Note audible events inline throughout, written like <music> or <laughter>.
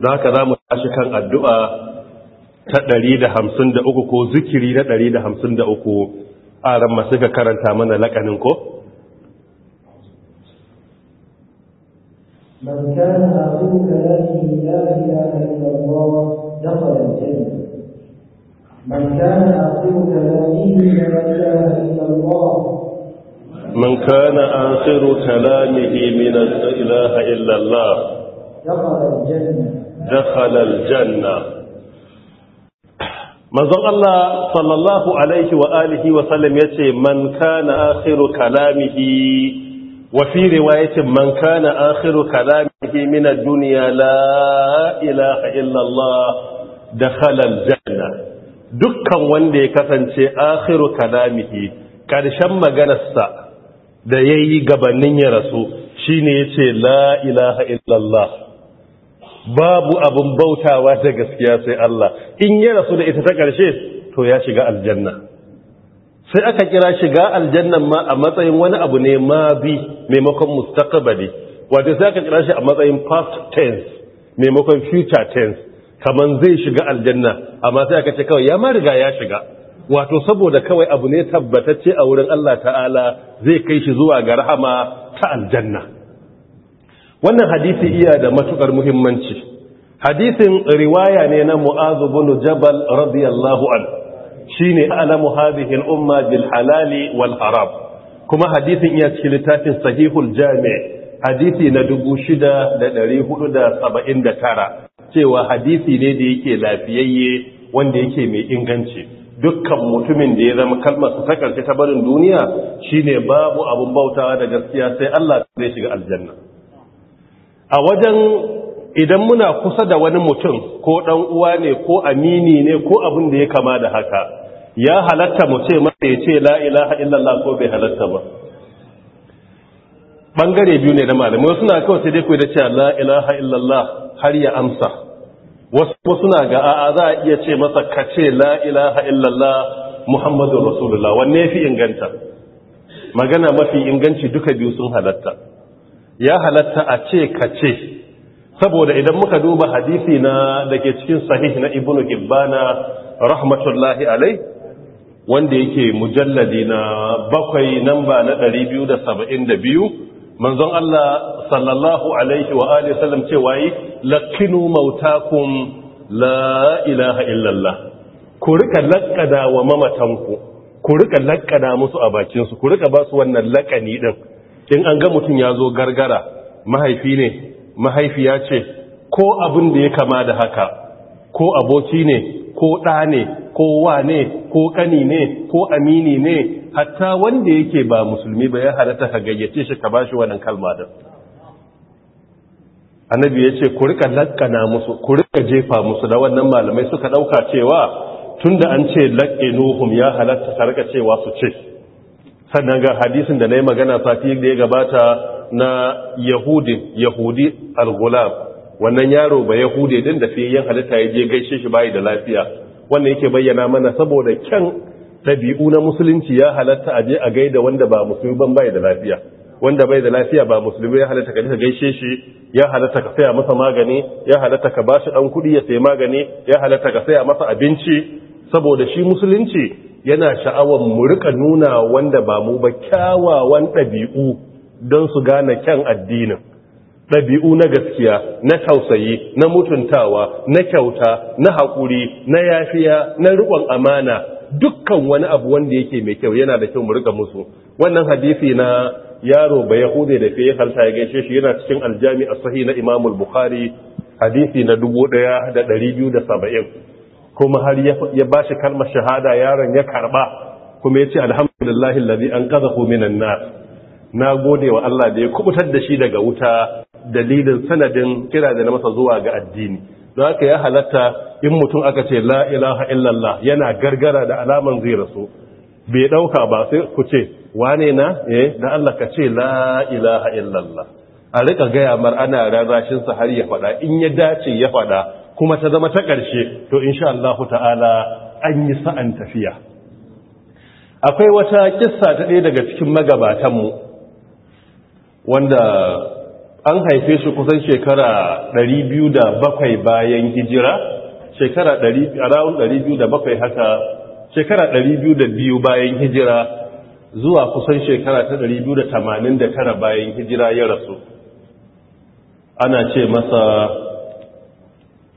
don haka za mu tashi kan addu'a ta ɗari da hamsin da uku ko zikiri na ɗari da hamsin da uku a ran masu ga karanta mana laƙanin ko? من كان آخر كلامه من إله إلا الله دخل الجنة من كان آخر كلامه من لا إلا الله دخل الجنة dakhala aljanna manzon Allah sallallahu alaihi wa wa sallam yace mankana kana akhiru kalamihi wa fi riwayatin man kana akhiru kalamihi min ad la ilaha illa Allah dakhala aljanna dukkan wanda ya kasance akhiru kalamihi ƙarshen maganarsa da yayi gabanin ya rasu shine yace la ilaha illa babu abin bautawa ta gaskiya sai Allah in ya rasu da ita ta ƙarshe to ya shiga aljanna sai aka kira shiga aljanna ma a matsayin wani abu ne ma bi maimakon mustaqbali wato sai aka kira shi a matsayin past tense maimakon future tense kaman zai shiga aljanna amma sai aka ce kawai ya ma riga ya shiga wato saboda kawai abu ne tabbatacce a wurin Allah ta'ala zai kai shi zuwa ga rahama ta aljanna wannan hadisi iya da matukar muhimmanci hadisin riwaya ne na mu'azu bin jabal radiyallahu an shine alamu hadhihi al-umma bil halali wal haram kuma hadisin iya cikin littafin sahihul jami' hadisi na 6479 cewa hadisi ne da yake lafiyayye wanda yake mai inganci dukkan mutumin da ya zama kalmar su ta karshe ta barin duniya shine babu abun bautawa da gaskiya sai Allah zai shiga aljanna a wajen idan muna kusa da wani mutum ko ɗan uwa ne ko amini ne ko abin da ya kama da haka ya halatta mu ce masa ya ce la illallah ko bai halatta ba bangare biyu ne da malamai suna kawai sai dai ku da cewa la illallah har ya amsa wasu suna ga a'a za a iya ce masa ka ce la ilaha illallah muhammadu rasulullah wanne fi inganta magana mafi inganci duka biyu sun halatta ya halatta a ce ka ce saboda idan muka duba hadisi na da ke cikin sahih na ibnu Gibbana, rahmatullahi alai wanda yake mujalladi na bakwai namba na 272 manzon Allah sallallahu alaihi wa alihi sallam cewa yi lakinu mautakum la ilaha illallah ku rika lakkada wa mamatanku ku rika lakkada musu a bakinsu ku rika ba su wannan lakani din in an ga mutum ya zo gargara mahaifi ne mahaifiya ce ko abin da ya kama da haka ko aboki ne ko ɗa ne ko wa ne ko ƙani ne ko amini ne hatta wanda yake ba musulmi ba ya halatta ka gayyace shi ka bashi wannan kalma da annabi ya ce ku rika lakkana musu ku rika jefa musu da wannan malamai suka ɗauka cewa tunda an ce laƙinuhum ya halatta ka rika cewa su ce sannan ga hadisin da na yi magana sati da ya gabata na yahudin yahudi al gulab wannan yaro ba yahudi din da fiye yin halitta ya je gaishe shi bayi da lafiya wannan yake bayyana mana saboda kyan ɗabi'u na musulunci ya halatta a je a gaida wanda ba musulmi ban bayi da lafiya wanda bai da lafiya ba musulmi ya halatta ka ka gaishe shi ya halatta ka saya masa magani ya halatta ka bashi dan kudi ya sayi magani ya halatta ka saya masa abinci saboda shi musulunci yana sha'awar mu rika nuna wanda ba mu ba kyawawan ɗabi'u don su gane kyan addinin ɗabi'u na gaskiya na tausayi na mutuntawa na kyauta na haƙuri na yafiya na riƙon amana dukkan wani abu wanda yake mai kyau yana da kyau mu rika musu wannan hadisi na yaro ba hude da fiye halta ya gaishe shi yana cikin aljami a sahi na imamul bukhari hadisi na da da biyu saba'in. kuma har ya ba shi kalmar shahada yaron ya karba kuma ya ce alhamdulillah lalzi an ƙaza hominan na na gode wa Allah da ya kubutar da shi daga wuta dalilin sanadin kira da na masa zuwa ga addini za ka ya halatta in mutum aka ce la ilaha illallah yana gargara da alaman zai rasu bai ɗauka ba sai ku ce wane na eh da Allah ka ce la ilaha illallah a rika gaya mar ana rarrashinsa har ya faɗa in ya dace ya faɗa kuma ta zama ta ƙarshe to insha Allah ta'ala an yi sa'an tafiya akwai wata kissa ta ɗaya daga cikin magabatanmu wanda an haife shi kusan shekara 207 bayan hijira shekara 207 haka shekara 202 bayan hijira zuwa kusan shekara ta 289 bayan hijira ya rasu ana ce masa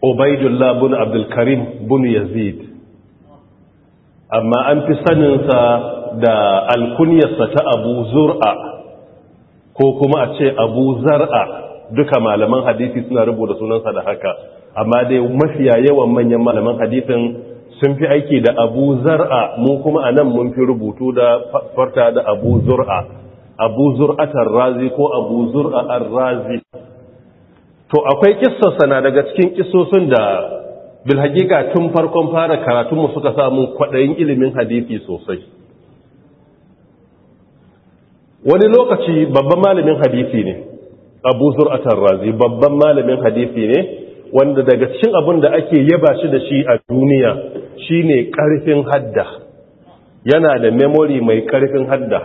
ubaidullah bin abdulkarim bin yazid amma an fi saninsa da alkunyarsa ta abu zur'a ko kuma a ce abu zar'a duka malaman hadisi suna rubuta sunansa da haka amma dai mafiya yawan manyan malaman hadisin sun fi aiki da abu zar'a mu kuma a nan mun fi rubutu da farta da abu zur'a abu zur'atar razi ko abu ar razi to akwai kissarsa na daga cikin kissosin da bilhakika tun farkon fara karatunmu suka samu kwaɗayin ilimin hadisi sosai wani lokaci babban malamin hadisi ne abu zur'atar razi babban malamin hadisi ne wanda daga cikin abun da ake yaba shi da shi a duniya shine ƙarfin hadda yana da memory mai ƙarfin hadda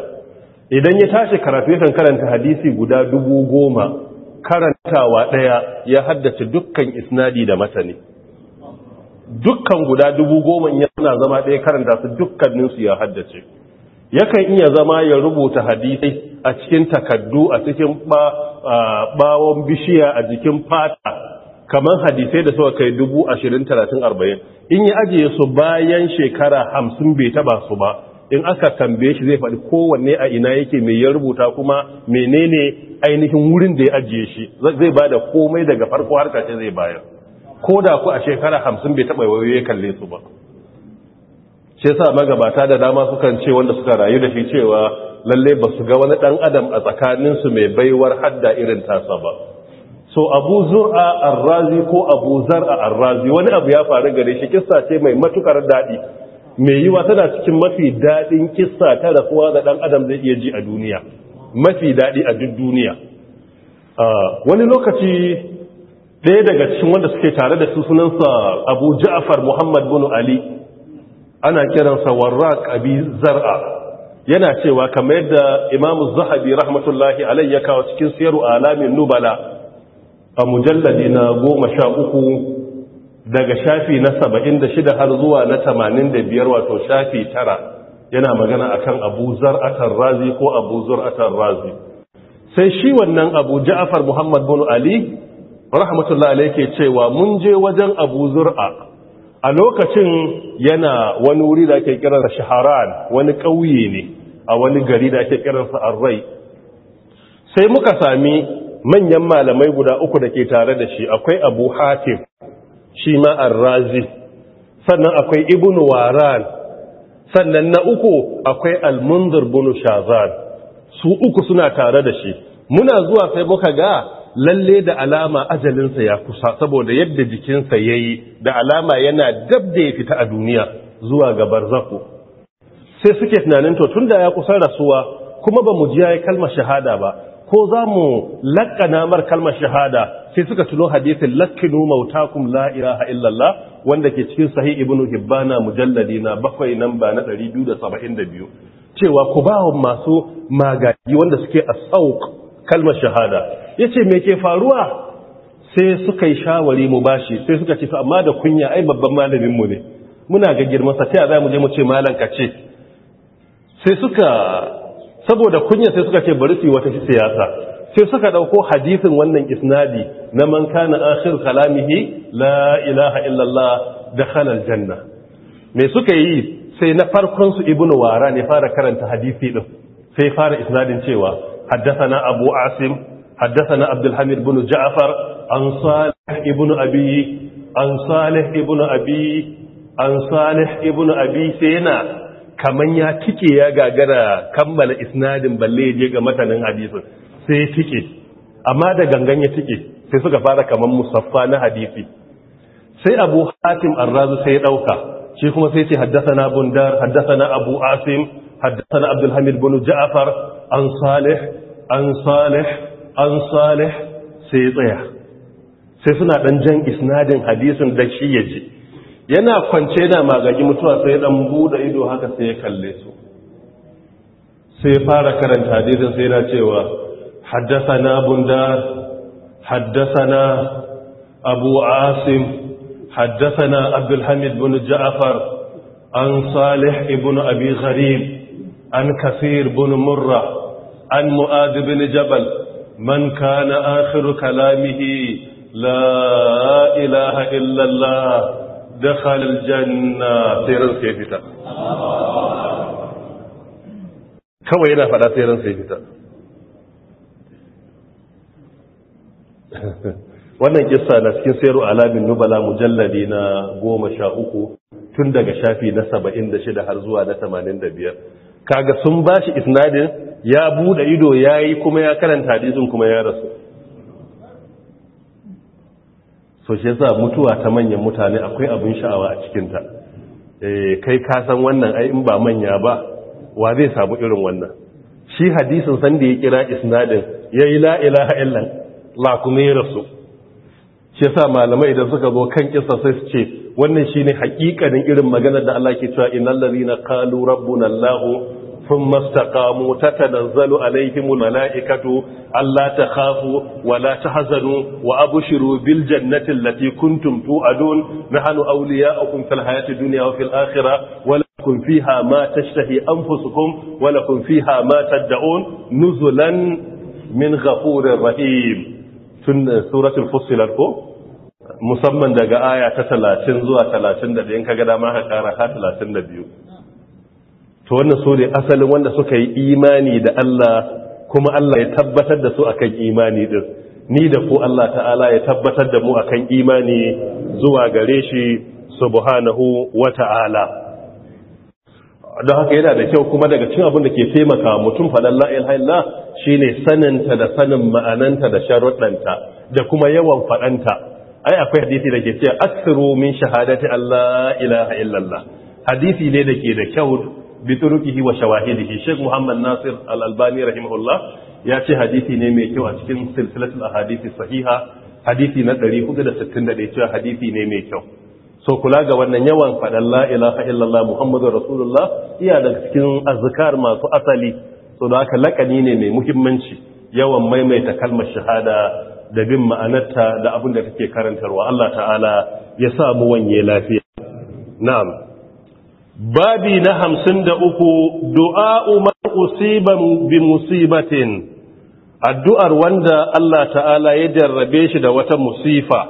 idan ya tashi karatu yakan karanta hadisi guda dubu goma karantawa ɗaya ya haddace dukkan isnadi da matani dukkan guda dubu goma yana zama ɗaya karanta su dukkaninsu ya haddace yakan iya zama ya rubuta hadisai a cikin takaddu a cikin bawon bishiya a jikin fata kamar hadisai da suka kai dubu ashirin talatin arba'in in yi ajiye su bayan shekara hamsin bai taba su ba in aka tambaye shi zai faɗi kowanne a ina yake mai ya rubuta kuma menene ainihin wurin da ya ajiye shi zai ba da komai daga farko har kashe zai bayar ko da ku a shekara hamsin bai taɓa wayoyi kalle su ba shi yasa magabata da dama sukan ce wanda suka rayu da shi cewa lalle ba su ga wani ɗan adam a tsakaninsu mai baiwar hadda irin tasa ba so abu zur'a arrazi ko abu zar'a arrazi wani abu ya faru gare shi kissa ce mai matukar daɗi mai yiwa tana cikin mafi daɗin kissa ta da kuwa da ɗan adam zai iya ji a duniya mafi daɗi a duk duniya wani lokaci ɗaya daga cikin wanda suke tare da su sunansa abu ja'afar muhammad bin ali ana kiransa warraq abi zar'a yana cewa kamar yadda imamu zahabi rahmatullahi alayya kawo cikin siyaru alamin nubala a mujalladi na goma sha uku daga shafi na shida, har zuwa na 85 wato shafi tara yana magana akan Abu Zar razi ko Abu Zur razi sai shi wannan Abu Ja'far Muhammad bin Ali rahmatullahi alayhi cewa mun je wajen Abu Zur'a a lokacin yana wani wuri da ake kiransa Shaharan wani ƙauye ne a wani gari da ake kiransa Arrai sai muka sami manyan malamai guda uku da ke tare da shi akwai Abu Hatim shi ma arrazi sannan akwai ibn waran sannan na uku akwai almundir bin shazan su uku suna tare da shi muna zuwa sai muka ga lalle da alama ajalinsa ya kusa saboda yadda jikinsa yayi da alama yana dab da ya fita a duniya zuwa ga barzaku sai suke tunanin to tunda ya kusa rasuwa kuma ba mu ji ya kalmar shahada ba ko za mu laƙana mar kalmar shahada sai suka tuno hadisin lakkinu mautakum la ilaha illallah wanda ke cikin sahih ibnu hibbana mujalladi na bakwai nan ba na 272 cewa ku ba masu magaji wanda suke a asauq kalmar shahada ya ce mai ke faruwa sai suka yi shawari mu bashi sai suka ce amma da kunya ai babban malamin ne muna ga girman sa a za mu je mu ce malanka ka ce sai suka saboda kunya sai suka ce bari su yi wata siyasa sai suka dauko hadisin wannan isnadi na man kana akhir kalamihi la ilaha illallah dakhala aljanna me suka yi sai na farkon su ibnu wara ne fara karanta hadisi din sai fara isnadin cewa haddathana abu asim haddathana abdul hamid ibn ja'far an salih ibn abi an salih ibn abi an salih ibn abi sai yana kaman ya tike ya gagara kammala isnadin balle je ga matanin hadisin sai ya tike amma da gangan ya tike sai suka fara kamar musaffa na hadisi sai abu hatim arrazu sai ya dauka shi kuma sai ce haddathana bundar haddathana abu asim haddathana abdul hamid bin ja'far an salih an salih an salih sai ya tsaya sai suna dan jan isnadin hadisin da shi ya ji yana kwance da magagi mutuwa sai dan bude ido haka sai ya kalle su sai fara karanta hadisin sai yana cewa haddathana bundar haddathana abu asim haddathana abdul hamid ja'far an salih ibn abi gharib an kasir bin murra an mu'ad jabal man kana akhiru kalamihi la ilaha illa allah dakhala aljanna sai ran sai fita kawai yana faɗa sai ran sai fita wannan kissa na cikin sayarwa alamin nu bala mujalladi na goma 13 tun daga shafi na 76 har zuwa na 85 kaga sun bashi isnadin ya bude ido yayi kuma ya karanta hadisin kuma ya rasu so shi yasa mutuwa ta manyan mutane akwai abin sha'awa a cikinta eh, kai ka san wannan ai in ba manya ba wa zai samu irin wannan shi hadisin san da ya kira isnadin yayi la ilaha illa la kuma ya rasu shi yasa malamai idan suka zo kan kissa sai su ce wannan shine hakikanin irin maganar da Allah ke cewa innal ladina qalu rabbuna allah sun mastakamu ta tanazzalu alaihimul mala’ikatu Allah ta khafu wala la ta hazanu wa abu shiru bil jannatin lati kuntum tu’adun na hannu auliya a kumfil hayati duniya wa fil akhira wala kun fi hama ta an fusukun wala kun fi hama ta da’un nuzulan min gafurin rahim tun eh, suratul fusilar ko musamman daga aya ta talatin zuwa talatin da ɗayan kagada ma ka ƙara ha talatin da biyu to wannan su ne asalin wanda suka yi imani da Allah kuma Allah ya tabbatar da su akan imani din ni da ku Allah ta'ala ya tabbatar da mu akan imani zuwa gare shi subhanahu wa ta'ala don haka yana da kyau kuma daga cin abin da ke taimaka mutum faɗan la'ilhaila shi ne saninta da sanin ma'ananta da sharuɗanta da kuma yawan faɗanta ai akwai hadisi da ke cewa aksiru min shahadati Allah ilaha illallah hadisi ne da ke da kyau biturukihi turuqihi wa shawahidihi Sheikh Muhammad Nasir Al-Albani rahimahullah ya ce hadisi ne mai kyau a cikin silsilatul ahadisi sahiha hadisi na 461 cewa hadisi ne mai kyau so kula ga wannan yawan faɗan la ilaha illallah muhammadur rasulullah iya daga cikin azkar masu asali so da haka lakani ne mai muhimmanci yawan maimaita kalmar shahada da bin ma'anarta da abin da take karantarwa Allah ta'ala ya sa mu wanye lafiya na'am babi na hamsin da uku du'a umar usiba bi musibatin addu'ar wanda Allah ta'ala ya jarrabe shi da wata musifa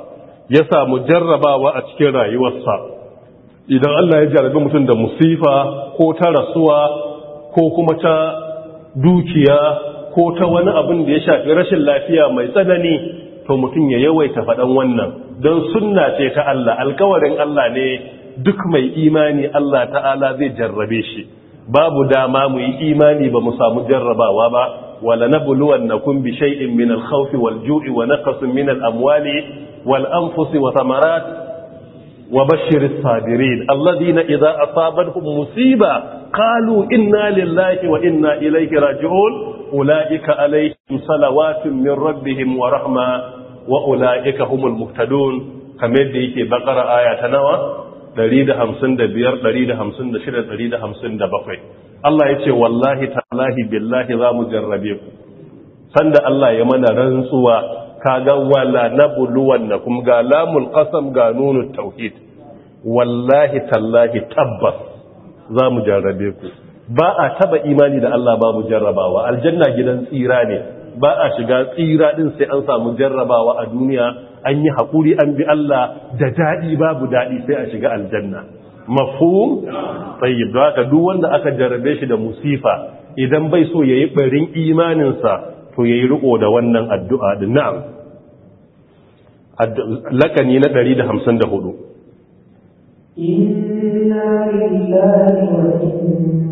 ya samu jarrabawa a cikin rayuwarsa idan Allah ya jarrabe mutum da musifa ko ta rasuwa ko kuma ta dukiya ko ta wani abin da ya shafi rashin lafiya mai tsanani to mutum ya yawaita faɗan wannan don sunna ce ta Allah alkawarin Allah ne duk mai imani Allah ta'ala zai jarrabe shi babu dama mu yi imani ba mu samu jarrabawa ba wala nabluwannakum bi shay'in min al-khawfi wal-ju'i wa naqsin min al-amwali wal-anfusi wa thamarat wa bashshir as-sabirin alladhina idha asabatuhum musiba qalu inna lillahi wa inna ilayhi raji'un ulaika alayhim salawatun min rabbihim wa rahma wa ulaika humul muhtadun kamar da yake bakara aya ta nawa 155 Allah ya ce wallahi talahi billahi za mu jarrabe ku sanda Allah ya mana rantsuwa kaga buluwan na nakum ga lamun ƙasam ga nunut tauhid wallahi tallahi tabbas za mu jarrabe ku ba a taba imani da Allah ba mu jarrabawa aljanna gidan tsira ne ba a shiga tsira din sai an samu jarrabawa a duniya an yi haƙuri an bi Allah da daɗi babu daɗi sai a shiga aljanna mafhum tayyib da duk wanda aka jarrabe shi da musifa idan bai so yayi barin imaninsa to yayi riko da wannan addu'a din na'am lakani na 154 inna lillahi wa inna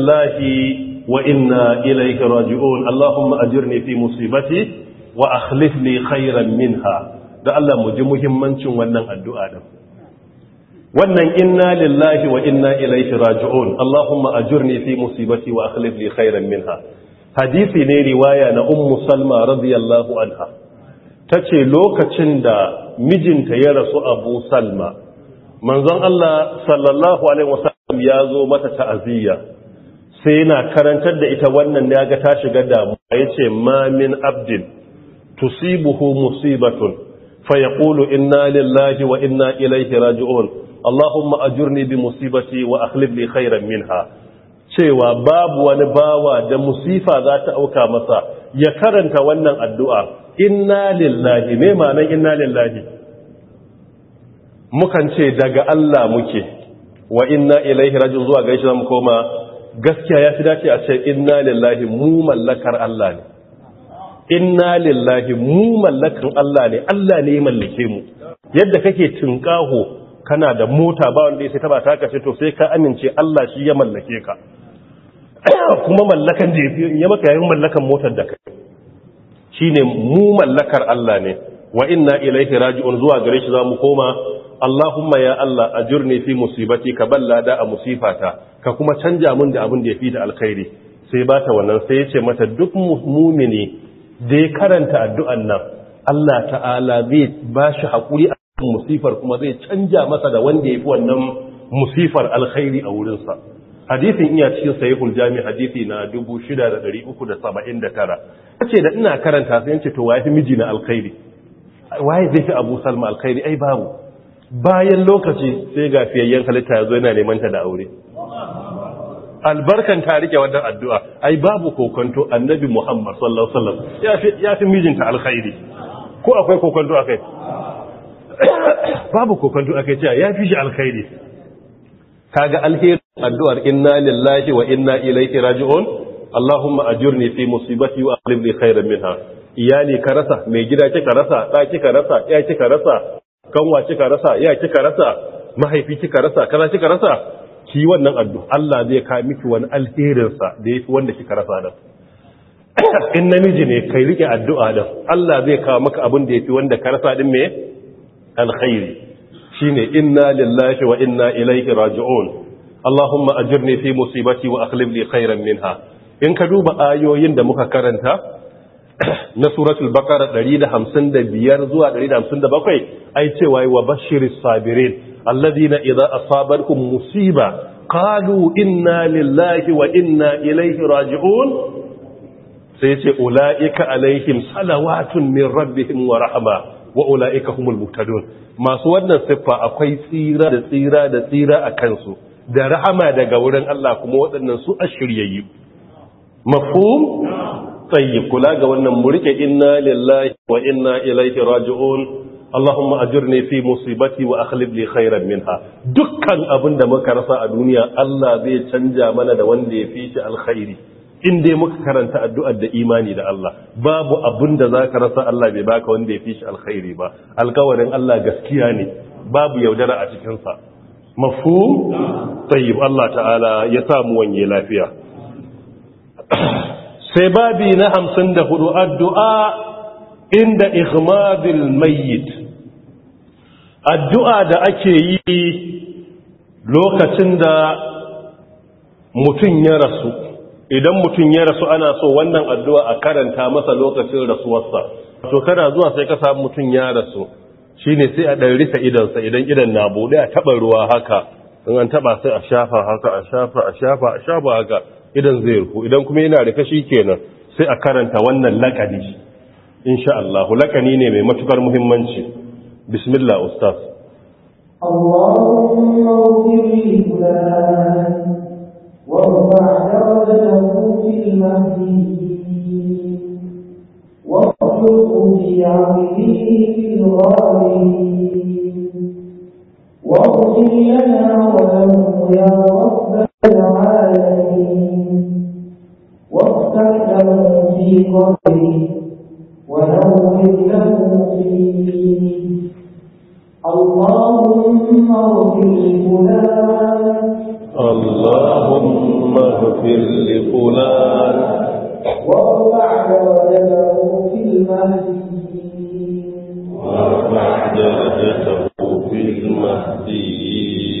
lillahi wa inna ilayka raji'un Allahumma ajirni fi musibati wa akhlif li khairan minha da Allah mu ji muhimmancin wannan addu'a din wannan inna lillahi wa inna ilayka raji'un Allahumma ajirni fi musibati wa akhlif li khairan minha hadisi ne riwaya na ummu salma radiyallahu anha tace lokacin da mijinta ya rasu abu salma manzon Allah sallallahu alaihi wasallam ya zo mata ta'aziyya sai yana karantar da ita wannan ya ga ta shiga damuwa ya ce mamin abdin tusibuhu musibatun fa ya ƙulu inna lillahi wa inna ilaihi raji'un allahumma ajurni bi musibati wa akhlif li khairan minha cewa babu wani bawa da musifa za ta auka masa ya karanta wannan addu'a inna lillahi me ma'anar inna lillahi mukan ce daga Allah muke wa inna ilaihi raji'un zuwa gaishe zamu koma gaskiya ya fi dace a ce inna lillahi mu mallakar Allah ne inna lillahi mu mallakan Allah ne Allah ne ya mallake mu yadda kake tinkaho kana da mota ba wanda sai ba ta kace to sai ka amince Allah shi ya mallake ka <clears throat> kuma mallakan da ya maka yayin mallakan motar da kai shine mu mallakar Allah ne wa inna ilaihi raji'un zuwa gare shi za mu koma Allahumma ya Allah ajurni fi musibati ka balla da a musifata ka kuma canja mun da abin da yafi da alkhairi sai ba ta wannan sai yace mata duk mu'mini da ya karanta addu'an nan Allah ta'ala zai ba shi hakuri a musifar kuma zai canja masa da wanda yafi wannan musifar alkhairi a wurin sa hadisin iya cikin sahihul jami hadisi na 6379 yace da ina karanta sai yace to waye miji na alkhairi waye zai fi Abu Salma alkhairi ai babu bayan lokaci sai ga fiyayyen halitta ya zo yana neman ta da aure albarkan ta rike wannan addu'a ai babu kokonto annabi muhammad sallallahu alaihi wasallam ya fi mijinta alkhairi ko akwai kokonto akai <coughs> babu kokonto akai cewa ya fi shi alkhairi kaga alkhairi addu'ar inna lillahi wa inna ilaihi raji'un allahumma ajurni fi musibati wa alimni khairan minha iyali ka rasa mai gida kika rasa ɗa ka rasa ya kika rasa kanwa kika rasa iya kika rasa mahaifi kika rasa kaza kika rasa ki wannan addu'a Allah zai ka miki wani alherin sa da yafi wanda kika rasa da <coughs> in namiji ne kai rike addu'a da Allah zai kawo maka abin da yafi wanda ka rasa din me alkhairi shine inna lillahi wa inna ilaihi raji'un Allahumma ajirni fi musibati wa akhlif li khairan minha in ka duba ayoyin da muka karanta <coughs> na suratul bakara 155 zuwa 157 ai cewa wa bashiris sabirin alladhina idza asabarkum musiba qalu inna lillahi wa inna ilaihi raji'un sai ce ulaika alaihim salawatun min rabbihim wa rahma wa ulaiika humul muhtadun masu wannan siffa akwai tsira da tsira da tsira a kansu da rahama daga wurin Allah kuma waɗannan su ashiryayyu mafhum tayyib kula ga wannan mu rike inna lillahi wa inna ilaihi raji'un Allahumma ajirni fi musibati wa akhlib li khairan minha dukkan abun da muka rasa a duniya Allah zai canja mana da wanda ya fi shi alkhairi in dai muka karanta addu'ar da imani da Allah babu abin da zaka rasa Allah bai baka wanda ya fi shi alkhairi ba alkawarin Allah gaskiya ne babu yaudara a cikin sa mafhum tayyib Allah ta'ala ya samu wanye lafiya sai babi na hamsin da hudu addu'a inda ighmadil mayyit addu'a da ake yi lokacin da mutum ya rasu idan mutum ya rasu ana so wannan addu'a a karanta masa lokacin rasuwarsa to kana zuwa sai ka samu mutum ya rasu shi ne sai a ɗan rufe idansa idan idan na buɗe a taɓa ruwa haka in an taɓa sai a shafa haka a shafa a shafa a shafa haka idan zai rufu idan kuma yana da kashi kenan sai a karanta wannan lakani insha Allah lakani ne mai matukar muhimmanci bismillah ustaz Allahumma ghfirli wa يا رب العالمين وافتح في قبره ونور له فيه اللهم اغفر لفلان اللهم اغفر لفلان وارفع درجته في المهديين وارفع درجته في المهديين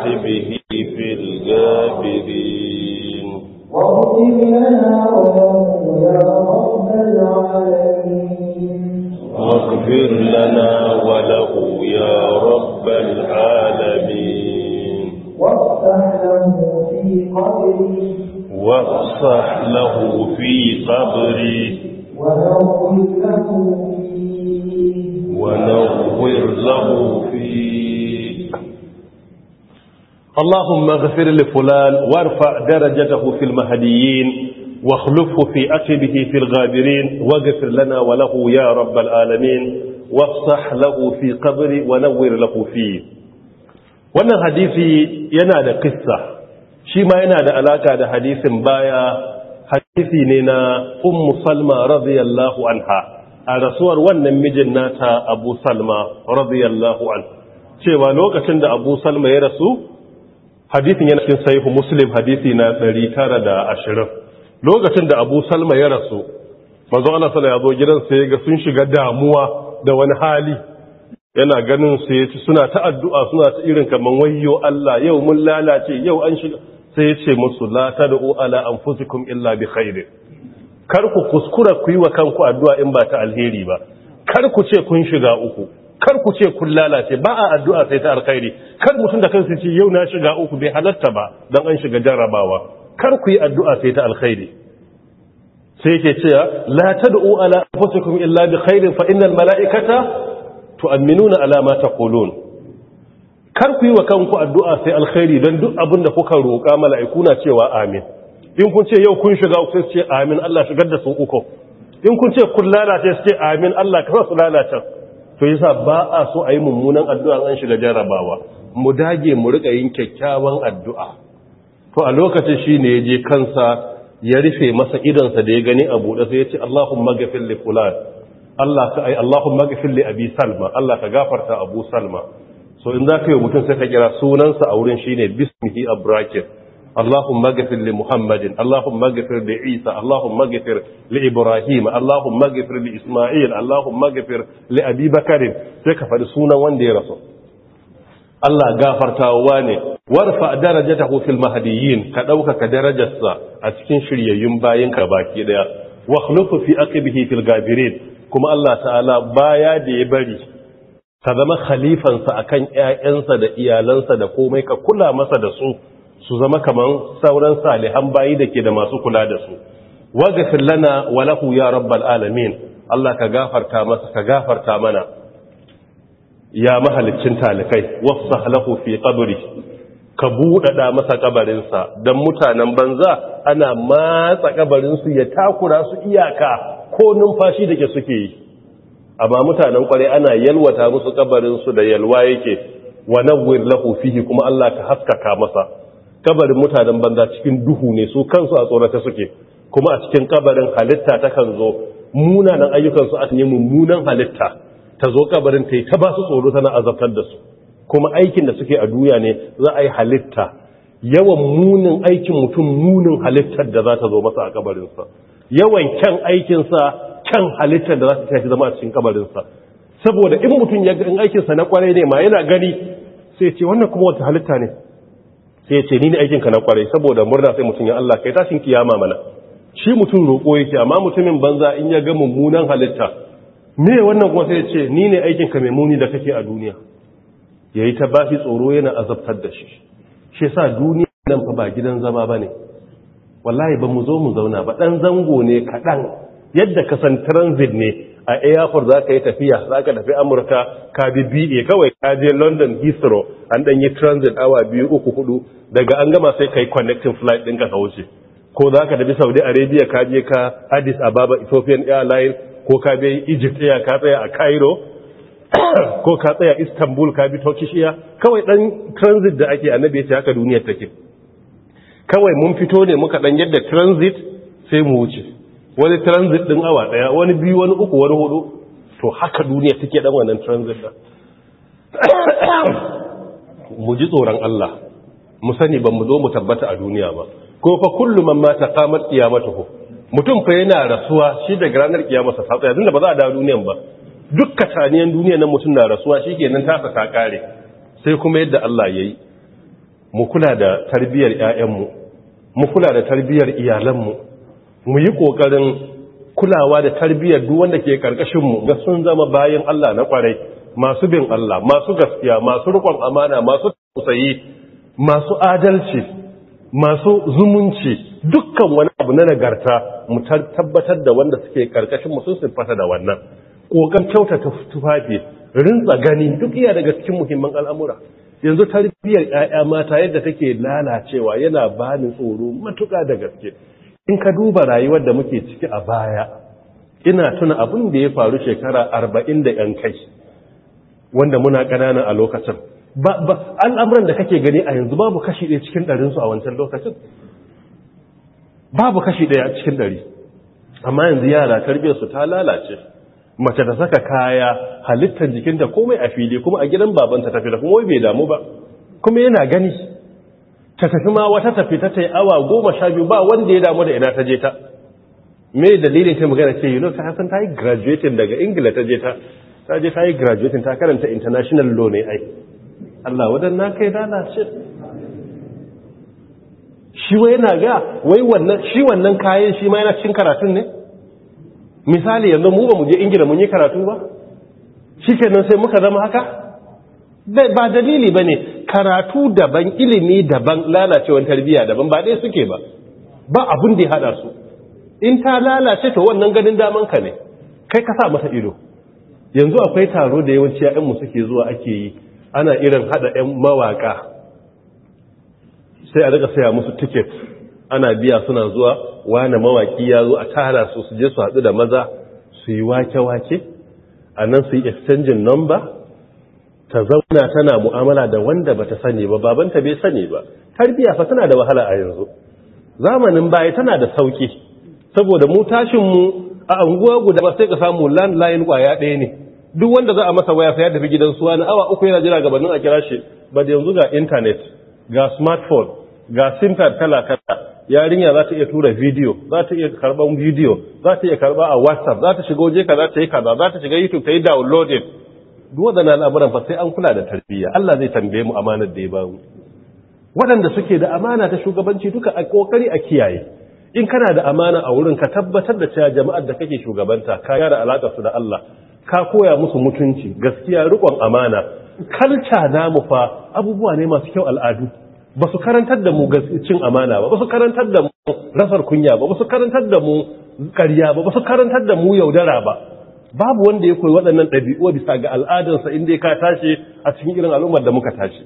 وعاقبه في الجابرين واغفر لنا وله يا رب العالمين واغفر لنا وله يا رب العالمين واغفر له في قبره واغصح له اللهم اغفر لفلان وارفع درجته في المهديين واخلفه في أقبه في الغابرين واغفر لنا وله يا رب العالمين وافصح له في قبري ونور له فيه wannan hadisi yana da kissa shi ma yana da alaka da hadisin baya hadisi ne na ummu salma radiyallahu anha a rasuwar wannan mijin nata abu salma radiyallahu anha cewa lokacin da abu salma ya rasu hadisin yana cikin sahihu muslim hadisi na 920 lokacin da abu salma ya rasu manzo ana sala ya zo gidan sai ga sun shiga damuwa da wani hali yana ganin su ya suna ta addu'a suna ta irin kamar wayo Allah yau mun lalace yau an shiga sai ya ce musu la tad'u ala an illa bi khair kar ku kuskura ku yi wa kanku addu'a in ba ta alheri ba kar ku ce kun shiga uku kar ku ce kun lalace ba a addu'a sai ta alkhairi kar mutum da kansa ce yau na shiga uku bai halatta ba don an shiga jarabawa. kar ku yi addu'a sai ta alkhairi sai yake cewa la tad'u ala anfusikum illa bi khairin fa innal mala'ikata tu'minuna ala ma taqulun kar ku yi wa kanku addu'a sai alkhairi don duk abin da kuka roƙa mala'iku na cewa amin in kun ce yau kun shiga uku sai ce amin Allah shigar da su uku in kun ce kun lalace sai amin Allah ka sa su lalace to yasa ba a so a yi mummunan addu'a an shiga jarrabawa mu dage mu rika yin kyakkyawan addu'a to a lokacin shi ne je kansa ya rufe masa idonsa da ya gani a buɗe sai ya ce Allahumma magafin li fulan Allah ka ai Allahumma abi salma Allah ka gafarta abu salma so in za ka yi mutum sai ka kira sunansa a wurin shi ne bismihi abrakin اللهم اغفر Isa, اللهم اغفر لعيسى اللهم اغفر لابراهيم اللهم اغفر لاسماعيل اللهم اغفر لابي بكر sai ka faɗi sunan wanda ya rasu Allah gafar gafartawa ne warfa ta fil mahadiyyin, ka dauka ka darajarsa a cikin shiryayyun bayin ka baki ɗaya. wa khlufu fi aqibihi fil kuma Allah ta'ala baya da ya bari ka zama khalifansa akan 'ya'yansa da iyalansa da komai ka kula masa da su su zama kamar sauran salihan bayi da ke da masu kula da su waga lana wa lahu ya rabbal alamin Allah ka gafarta masa ka gafarta mana ya mahalicin talikai wasu lahu fi qabri ka buɗaɗa masa kabarinsa don mutanen banza ana matsa kabarinsu ya takura su iyaka ko numfashi da ke suke yi amma mutanen ƙwarai ana yalwata musu kabarinsu da yalwa yake wa nawwir lahu fihi kuma Allah ka haskaka masa kabarin mutanen banza cikin duhu ne su kansu a tsorata suke kuma a cikin kabarin halitta ta kan zo munanan ayyukansu a cikin mummunan halitta ta zo kabarin ta yi ta ba su tsoro tana azabtar da su kuma aikin da suke a duya ne za a yi halitta yawan munin aikin mutum munin halittar da za ta zo masa a kabarinsa yawan kyan aikinsa kyan halittar da za ta tafi zama a cikin kabarinsa saboda in mutum ya ga in aikinsa na kwarai ne ma yana gani sai ce wannan kuma wata halitta ne sai ce ni ne aikinka na kwarai saboda murna sai mutum ya Allah kai tashin kiyama mana shi mutum roƙo yake amma mutumin banza in ya ga mummunan halitta me wannan kuma sai ce ni ne aikinka mai muni da kake a duniya yayi ta bashi tsoro yana azabtar da shi shi yasa duniya nan fa ba gidan zama ba ne. wallahi ba mu zo mu zauna ba dan zango ne kaɗan. yadda ka san ne a airport za ka yi tafiya za ka tafi amurka ka bi biye kawai ka je london heathrow an ɗanyi transit awa biyu uku hudu daga an gama sai ka yi connecting flight ɗin ka sauce. ko za ka tafi saudi arabia ka je ka addis ababa ethiopian airlines ko ka bi egypt ka tsaya a cairo <coughs> ko ka tsaya istanbul ka bi turkish kawai ɗan transit da ake annabi ya ce haka duniyar take kawai mun fito ne muka ɗan yadda transit sai mu wuce wani transit din awa daya wani biyu wani uku wani hudu to haka duniya take dan wannan transit din <coughs> mu ji tsoron Allah mu sani ba mu zo mu tabbata a duniya ba ko fa kullu man mata qamat qiyamatuhu mutum fa yana rasuwa shi daga ranar kiyama ta tsaya tunda ba za a dawo duniyan ba dukkan taniyan duniya nan mutum na rasuwa shi ke ta ta kare sai kuma yadda Allah ya yi mu kula da tarbiyar ƴaƴanmu mu kula da tarbiyar iyalanmu mu yi ƙoƙarin kulawa da tarbiyyar duk wanda ke ƙarƙashinmu ga sun zama bayan Allah na ƙwarai masu bin Allah masu gaskiya masu riƙon amana masu tausayi masu adalci masu zumunci dukkan wani abu na nagarta mu tabbatar da wanda suke ƙarƙashinmu sun siffata da wannan ƙoƙar kyautata tufafi rinsa gani duk iya daga cikin muhimman al'amura yanzu tarbiyyar 'ya'ya mata yadda take lalacewa yana bani tsoro matuƙa da gaske in ka duba rayuwar da muke ciki a baya ina tuna abin da ya faru shekara arba'in da ‘yan kai wanda muna ƙanana a lokacin ba al'amuran da kake gani a yanzu babu kashi ɗaya cikin ɗarinsu a wancan lokacin babu kashi ɗaya cikin ɗari amma yanzu yara su ta lalace mace ta saka kaya halittar jikinta komai a fili kuma a gidan babanta tafi da kuma wai bai damu ba kuma yana gani ta tafi ma wata tafi ta ta yi awa goma sha biyu ba wanda ya damu da ina ta je ta me dalilin ta magana ce yuno ta hasan ta yi graduating daga ingila ta je ta ta je ta yi graduating ta karanta international law ne ai Allah na kai ce. shi wai yana ga wai wannan shi wannan kayan shi ma yana cin karatun ne misali yanzu mu ba mu je ingila mun yi karatu ba nan sai muka zama haka ba dalili ba ne karatu daban ilimi daban lalacewar tarbiyya daban ba ɗaya suke ba ba abin da ya haɗa su in ta lalace to wannan ganin daman ka ne kai ka sa masa ido yanzu akwai taro da yawanci mu suke zuwa ake yi ana irin haɗa ‘yan mawaƙa sai a rika saya musu tiket ana biya suna zuwa wane mawaƙi ya zo a tara su su je su haɗu da maza su yi wake-wake a nan su yi exchanging number ta zauna tana mu'amala da wanda bata sani ba babanta bai sani ba tarbiya fa tana da wahala a yanzu zamanin baya tana da sauki saboda mu tashin mu a anguwa guda ba sai ka samu landline kwaya ɗaya ne duk wanda za a masa waya sai ya tafi gidan suwa na awa uku yana jira gabanin a kira shi ba da yanzu ga internet ga smartphone ga sim card kala kala yarinya za ta iya tura video za ta iya karban video za ta iya karba a whatsapp za ta shiga waje kaza ta yi kaza za ta shiga youtube ta yi downloading duwadana na al'amuran fa sai an kula da tarbiyya Allah zai tambaye mu amanar da ya ba mu waɗanda suke da amana ta shugabanci duka a kokari a kiyaye in kana da amana a wurin ka tabbatar da cewa jama'ar da kake shugabanta ka yara alaƙa su da Allah ka koya musu mutunci gaskiya riƙon amana kalca mu fa abubuwa ne masu kyau al'adu ba su karantar da mu cin amana ba ba su karantar da mu rasar kunya ba ba su karantar da mu ƙarya ba ba su karantar da mu yaudara ba babu wanda ya koyi waɗannan ɗabi'u bisa ga al'adarsa inda ka tashi a cikin irin al'ummar da muka tashi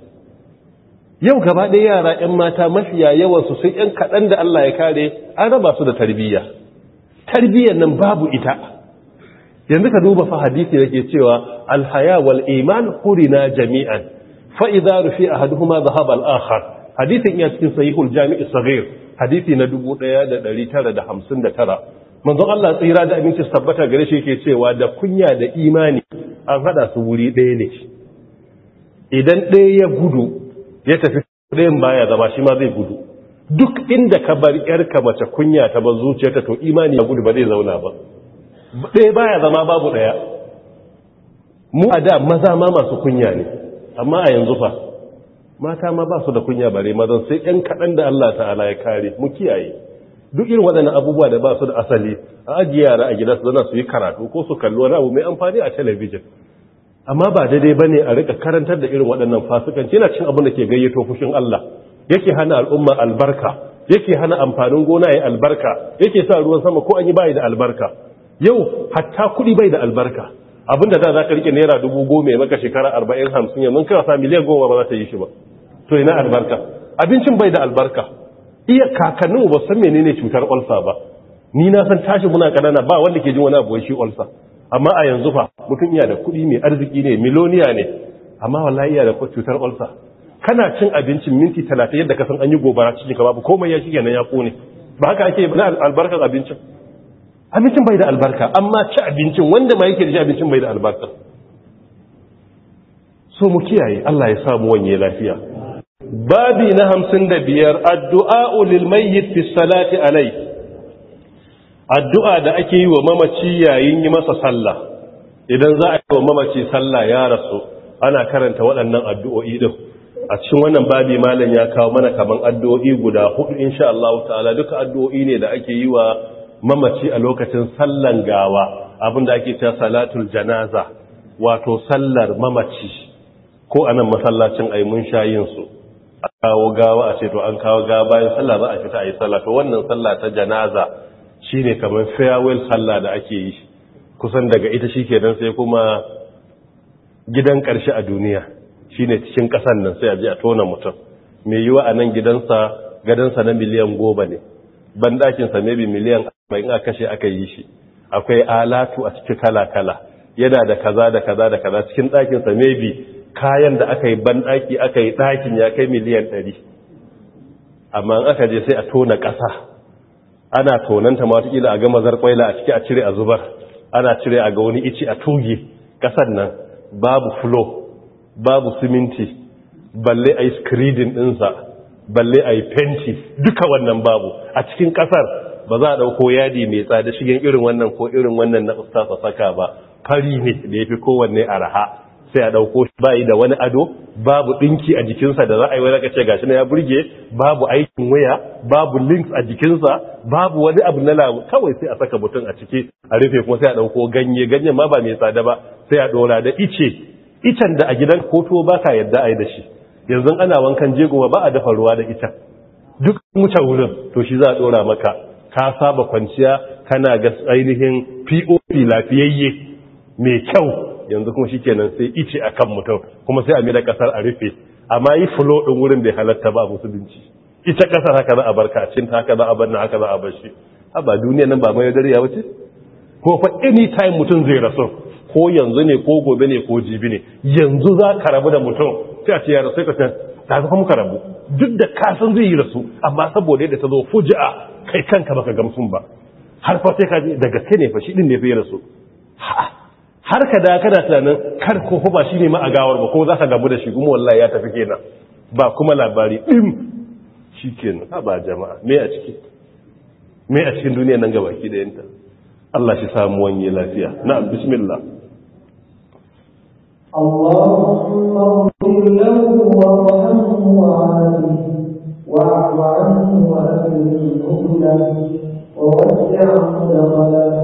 yau gaba ɗaya yara 'yan mata mafiya yawansu sun 'yan kaɗan da Allah ya kare an raba su da tarbiyya tarbiyyar nan babu ita yanzu ka duba fa hadisi da ke cewa alhaya wal iman kurina jami'an fa idza rufi ahaduhuma dhahaba al-akhar hadisin iya cikin sahihul jami'i saghir hadisi na dubu ɗaya da da da ɗari tara hamsin tara. manzon Allah tsira da aminci tabbata gare shi yake cewa da kunya da imani an hada su wuri ɗaya ne idan ɗaya ya gudu ya tafi ɗayan baya zama shi ma zai gudu duk inda ka bar yarka mace kunya ta bar zuciyarta to imani ya gudu ba zai zauna ba ɗaya baya zama babu ɗaya mu a da maza ma masu kunya ne amma a yanzu fa mata ma ba su da kunya bare mazan sai 'yan kaɗan da Allah ta'ala ya kare mu kiyaye duk irin waɗannan abubuwa da ba su da asali a ajiye yara a gida su zana su yi karatu ko su kalli wani abu mai amfani a telebijin. amma ba daidai ba ne a rika karantar da irin waɗannan fasikanci yana cin abin da ke gayyato fushin Allah yake hana al'umma albarka yake hana amfanin gona ya albarka yake sa ruwan sama ko an yi bai da albarka yau hatta kuɗi bai da albarka abin da za ka rike naira dubu goma ya maka shekara arba'in hamsin yanzu sa miliyan goma ba za ta yi shi ba to ina albarka abincin bai da albarka iya kakannin ba san menene cutar ulsa ba ni na san tashi muna kanana ba wanda ke jin wani abu shi ulsa amma a yanzu fa mutum iya da kuɗi mai arziki ne miloniya ne amma wallahi iya da cutar ulsa kana cin abincin minti 30 yadda ka san an yi gobara cikin ka babu komai ya shige nan ya kone ba haka ake yi albarkar abincin abincin bai da albarka amma ci abincin wanda ma yake da abincin bai da albarka so mu kiyaye Allah ya samu wanye lafiya babi na hamsin da biyar addu'a lil mayyit fi salati alai addu'a da ake yi wa mamaci yayin yi masa sallah idan za a yi wa mamaci sallah ya rasu ana karanta waɗannan addu'o'i ɗin. a cikin wannan babi malam ya kawo mana kamar addu'o'i guda hudu in sha Allah ta'ala duka addu'o'i ne da ake yi wa mamaci a lokacin sallan gawa abinda ake cewa salatul janaza wato sallar mamaci ko anan masallacin aimun mun kawo gawa a ce to an kawo gawa bayan sallah za a fita a yi sallah to wannan sallah ta janaza shine kamar farewell sallah da ake yi kusan daga ita dan sai kuma gidan karshe a duniya shine cikin kasan nan sai a je a tona mutum mai yiwa a nan gidansa gadansa na miliyan goma ne ban dakinsa maybe miliyan arba'in a kashe aka yi shi akwai alatu a cikin kala-kala yana da kaza da kaza da kaza cikin ɗakinsa maybe kayan da aka yi banɗaki aka yi ɗakin ya kai miliyan ɗari amma aka je sai a tona ƙasa ana tonanta matukila a gama zarkwaila a ciki a cire a zubar ana cire a ga wani ici a tuge ƙasar nan babu flo babu siminti balle a yi skridin ɗinsa balle a yi fenti duka wannan babu a cikin ƙasar ba za a ɗauko yadi mai tsada shigen irin wannan ko irin wannan na ustafa saka ba fari ne da ya fi kowanne raha. sai a ɗauko shi ba da wani ado babu ɗinki a jikinsa da za a yi wani ce gashi na ya burge babu aikin waya babu links a jikinsa babu wani abu na lamu kawai sai a saka mutum a ciki a rufe kuma sai a ɗauko ganye ganye ma ba mai tsada ba sai a ɗora da ice icen da a gidan koto ba ka yadda a yi da shi yanzu ana wankan jego ba a dafa ruwa da ita duk wuce wurin to shi za a ɗora maka ka saba kwanciya kana ga ainihin pop lafiyayye mai kyau yanzu kuma shi kenan sai ice kan mutum kuma sai a mila kasar a rufe amma yi fulo ɗin wurin da ya halatta ba musulunci ita kasar haka za a barka a cinta haka za a bar na haka za a bar shi a ba duniya nan ba mai dare ya wuce ko fa anytime mutum zai rasu ko yanzu ne ko gobe ne ko jibi ne yanzu za ka rabu da mutum sai a ce ya rasu sai ka san ta ga kuma rabu duk da ka san zai yi rasu amma saboda yadda ta zo fuji'a kai kanka baka gamsun ba har fa sai ka je daga kai ne fa shi din ne zai ya rasu har ka da tunanin kar ko ba shi ne ma a gawar ba ko za ka gabu da shi kuma wallahi ya tafi kenan ba kuma labari ɗin shi kenan ba jama'a me a ciki me a cikin duniya nan gaba gabaki ɗayanta Allah shi samu wani lafiya na bismillah Allah اغفر له وارحمه وعافه واعف عنه وأكرم نزله ووسع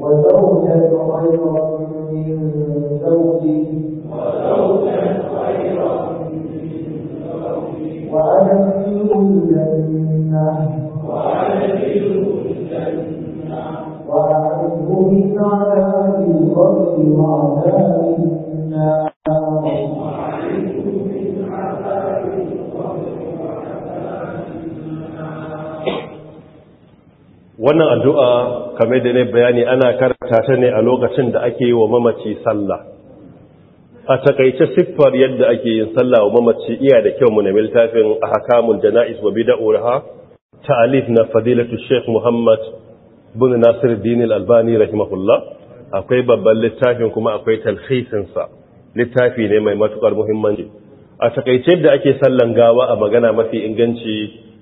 وزوجة خيرة من زوجي وأنا في الجنة وأعز من عذاب القبر وعذاب wannan addu'a kamar da ne bayani ana karanta ta ne a lokacin da ake yi wa mamaci sallah a takaice siffar yadda ake yin sallah wa mamaci iya da kyau muna na miltafin a hakamun jana'is wa bida'urha ta'alif na fadilatu sheikh muhammad bin nasir dinil albani rahimahullah akwai babban littafin kuma akwai talhisinsa littafi ne mai matukar muhimmanci a takaice da ake sallan gawa a magana mafi inganci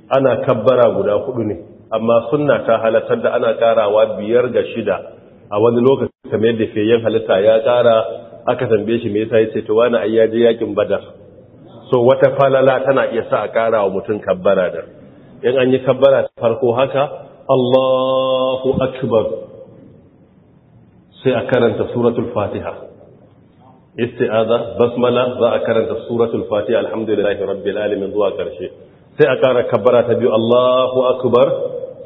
ana kabbara guda hudu ne amma sunna ta halatar da ana karawa biyar ga shida a wani lokaci kamar yadda fiyayyen halitta ya kara aka tambaye shi me yasa yace to wani ayyaje yakin badar so wata falala tana iya sa a kara wa mutum kabbara da in an yi kabbara ta farko haka Allahu akbar sai a karanta suratul fatiha isti'aza basmala za a karanta suratul fatiha alhamdulillahi rabbil alamin zuwa karshe sai a kara kabbara ta biyu Allahu akbar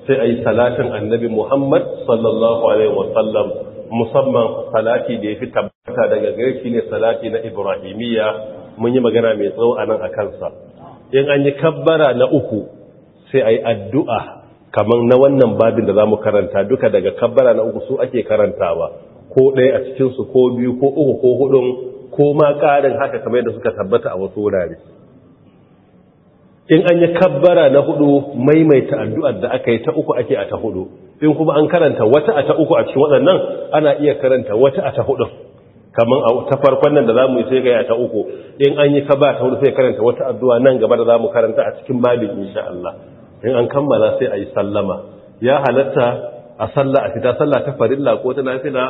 sai ayi salatin annabi Muhammad sallallahu Alaihi wasallam musamman salati da ya fi tabbata daga gare shi ne salati na Ibrahimiyya mun yi magana mai tsawo a nan a kansa. In an yi kabbara na uku sai ayi addu'a kamar na wannan babin da za mu karanta duka daga kabbara na uku su ake karantawa ko ɗaya a cikinsu ko biyu ko uku ko huɗun, ko ma ƙarin haka kamar yadda suka tabbata a wasu wurare. in an yi kabbara na hudu maimaita addu'ar da aka yi ta uku ake a ta hudu in kuma an karanta wata a ta uku a cikin waɗannan ana iya karanta wata a ta hudu kamar a ta farkon nan da za mu yi sai gaya ta uku in an yi kabbara ta hudu sai karanta wata addu'a nan gaba da za mu karanta a cikin babin insha Allah in an kammala sai a yi sallama ya halatta a sallah a fita sallah ta farilla ko ta nafila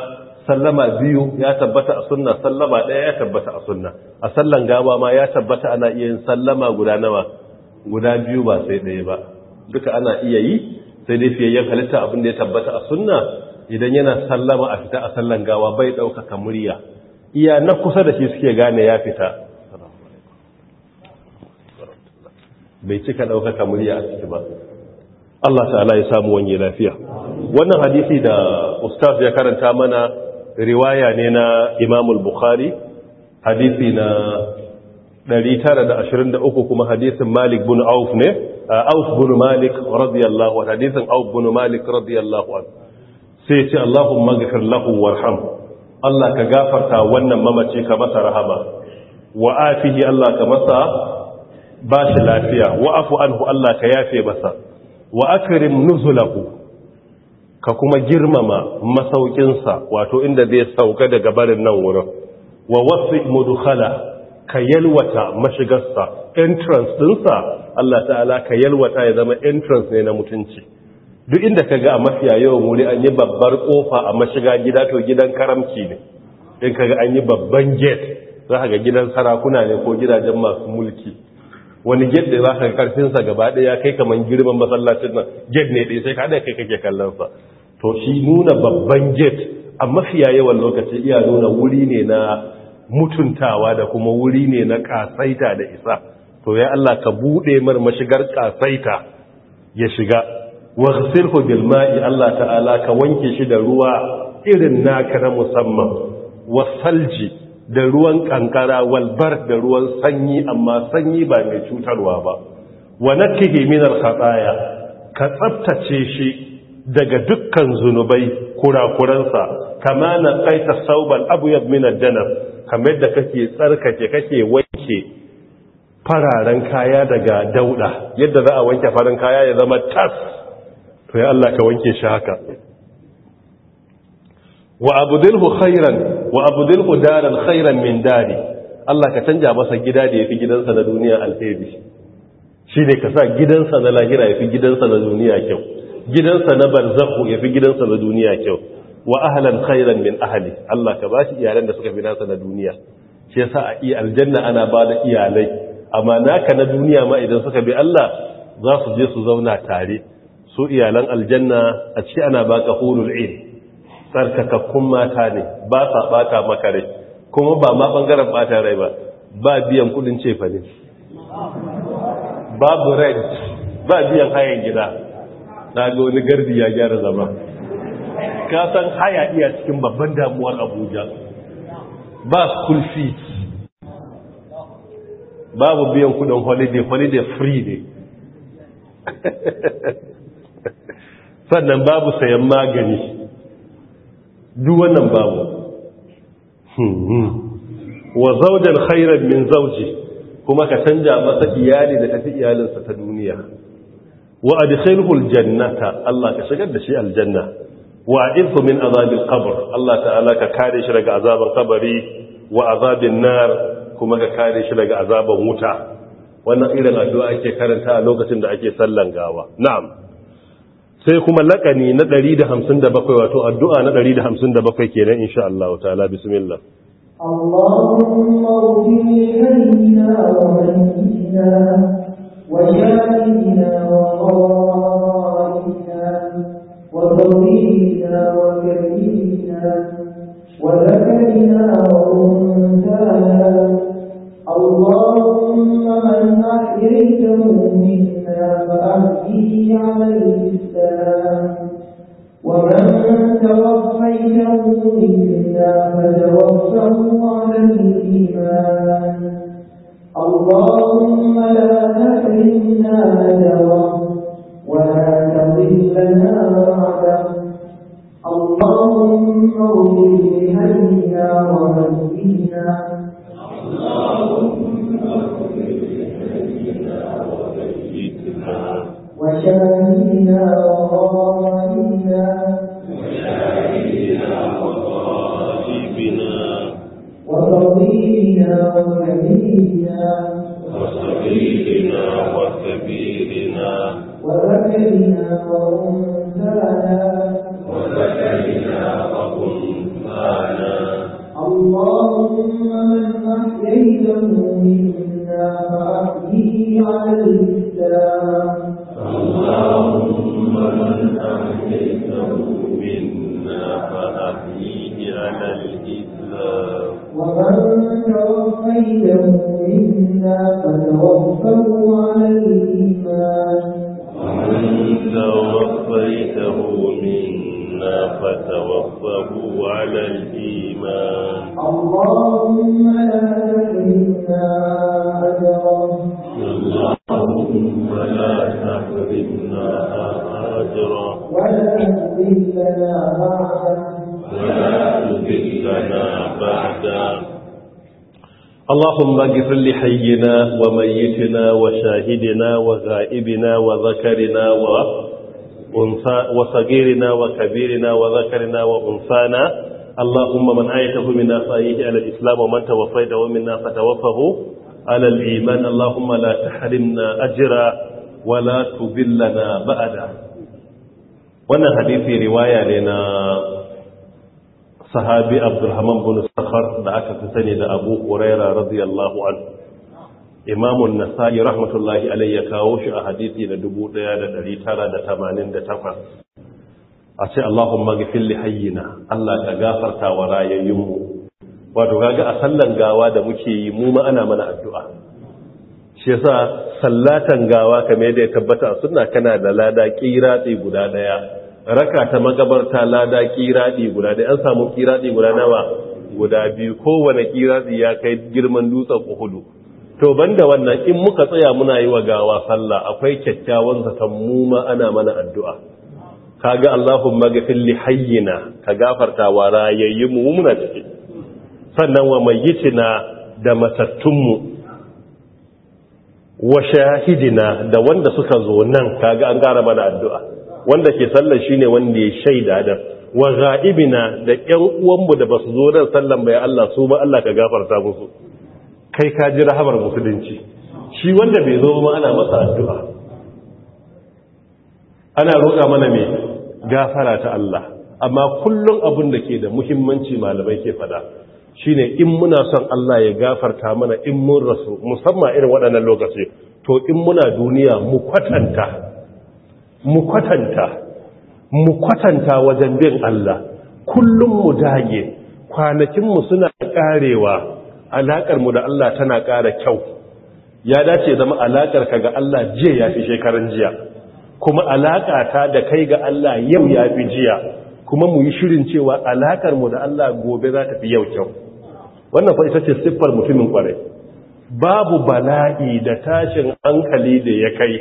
sallama biyu ya tabbata a sunna sallama ɗaya ya tabbata a sunna a sallan gawa ma ya tabbata ana iya yin sallama guda nawa guda biyu ba sai ɗaya ba duka ana iya yi sai dai fiye fiyayyen halitta abin da ya tabbata a sunna idan yana sallama a fita a sallan gawa bai ɗaukaka murya iya na kusa da shi suke gane ya fita bai cika ɗaukaka murya a ciki ba Allah ta'ala ya samu wani lafiya wannan hadisi da ustaz ya karanta mana riwaya ne na imamul bukhari hadisi na 923 kuma hadisin Malik bin Auf ne Auf bin Malik radiyallahu anhu hadisin Auf bin Malik radiyallahu anhu sai ce Allahumma ghfir lahu warham Allah ka gafarta wannan mamaci ka masa rahama wa afihi Allah ka masa bashi lafiya wa afu anhu Allah ka yafe masa wa akrim nuzulahu ka kuma girmama masaukinsa wato inda zai sauka daga barin nan wurin wa wasi mudkhala ka yalwata mashigarsa entrance dinsa Allah ta'ala ka yalwata ya zama entrance ne na mutunci duk inda ka ga a mafiya yawan wuri an yi babbar kofa a mashiga gida to gidan karamci ne in ka ga an yi babban gate za ka ga gidan sarakuna ne ko gidajen masu mulki wani gate da za ka karfinsa gaba ɗaya kai kamar girman masallacin nan gate ne dai sai ka da kai kake sa to shi nuna babban gate a mafiya yawan lokaci iya nuna wuri ne na mutuntawa da kuma wuri ne na kasaita da isa to ya Allah ka bude mar mashigar kasaita ya shiga waghsilhu bil ma'i Allah ta'ala ka wanke shi da ruwa irin naka na musamman wasalji da ruwan kankara walbar da ruwan sanyi amma sanyi ba mai cutarwa ba wa nakihi minal khataya ka tsaftace shi daga dukkan zunubai kurakuransa kama na tsaita sauban abu ya mina janar kamar yadda kake tsarkake kake wanke fararen kaya daga dauda yadda za a wanke farin kaya ya zama tas to ya Allah ka wanke shi haka wa abudilhu khairan wa abudilhu daran khairan min dari Allah ka canja masa gida da ya fi gidansa na duniya shi ne ka sa gidansa na lahira ya fi gidansa na duniya kyau gidansa na barzakhu ya fi gidansa na duniya kyau wa ahlan khairan min ahli Allah ka bashi iyalan da suka fi nasa na duniya shi yasa a iya aljanna ana ba da iyalai amma naka na duniya ma idan suka bi Allah za su je su zauna tare su iyalan aljanna a ciki ana baka hulul ain kun mata ne ba sa bata maka rai kuma ba ma bangaren bata rai ba ba biyan kudin cefa ne babu rent ba biyan hayan gida na ga wani gardi ya gyara zama ka san haya iya cikin babban damuwar abuja ba school fees babu biyan kudin holiday holiday free ne <laughs> sannan babu sayan magani duk wannan babu hmm, hmm. wa zaujan khairar min zauji kuma ka canja masa iyali da tafi iyalinsa ta duniya wa adkhilhu aljannata Allah ka shigar da shi aljanna wa a'idhu min azabil kabar Allah ta'ala ka kare shi daga azaban kabari wa azabin nar kuma ka kare shi daga azaban wuta wannan irin addu'a ake karanta a lokacin da ake sallan gawa na'am sai kuma lakani na 157 wato addu'a na 157 kenan insha Allah ta'ala bismillah Allahumma وجاهدنا وطائنا وطويلنا وكبيرنا وذكرنا وأنثانا اللهم من احييت مؤمنا فأهديه على الإسلام ومن توفيته منا فتوفه على الإيمان اللهم لا تحرمنا أجره ولا تضلنا وعده اللهم اغفر لهينا ومسكينا وشاهدنا وغائبنا وشاهدنا وغائبنا وفضيلنا وكبيرنا وسبيلنا وسبيلنا وذكرنا وأنثانا وذكرنا وأنثانا اللهم من أحييته منا فأحيه على الإسلام اللهم من أحييته منا فأحيه على الإسلام اللهم لا اللهم لا ولا ولا اللهم اغفر لحينا وميتنا وشاهدنا وغائبنا وذكرنا وأنثى وصغيرنا وكبيرنا وذكرنا وأنثانا اللهم من آيته منا فأيه على الإسلام ومن توفيت ومنا فتوفه على الإيمان اللهم لا تحرمنا أجرا ولا تبلنا بعدا وانا حديثي رواية لنا صحابي عبد الرحمن بن الصخر دعاك تسند أبو هريرة رضي الله عنه إمام النسائي رحمة الله عليه كاوش أحاديثي لدبو ديادة لترى دتمانين دتفر a ce Allahumma gafin hayyina Allah ka gafarta wa rayayyunmu wato kaga a sallan gawa da muke yi mu ma ana mana addu'a shi yasa sallatan gawa kamar da ya tabbata a sunna kana da lada kirati guda daya raka ta magabarta lada kirati guda daya an samu kirati guda nawa guda biyu kowane kirati ya kai girman dutsen uhudu to banda wannan in muka tsaya muna yi wa gawa sallah akwai kyakkyawan zaton mu ma ana mana addu'a kaga Allahumma ghafir li hayyina ka gafarta wa rayayyin mu muna ciki sannan wa mayyitina da matattun mu wa shahidina da wanda suka zo nan kaga an gara mana addu'a wanda ke sallar shine wanda ya shaida da wa ghaibina da ƴan uwan mu da basu zo nan sallan bai Allah su ba Allah ka gafarta musu kai ka ji rahamar musulunci shi wanda bai zo ba ana masa addu'a ana roƙa mana mai gafara ta Allah amma kullum abin da ke da muhimmanci malamai ke fada ne in muna son Allah ya gafarta mana in mun rasu musamman irin waɗannan lokaci to in muna duniya mu kwatanta mu kwatanta mu kwatanta wajen bin Allah kullum mu dage kwanakinmu suna karewa alaƙarmu da Allah tana ƙara kyau ya dace zama alaƙar ka ga Allah jiya ya fi shekaran jiya kuma alaƙa ta da kai ga Allah yau ya fi jiya kuma mu yi shirin cewa alaƙar mu da Allah gobe za ta fi yau kyau wannan fa ita ce siffar mutumin kwarai babu bala'i da tashin hankali da ya kai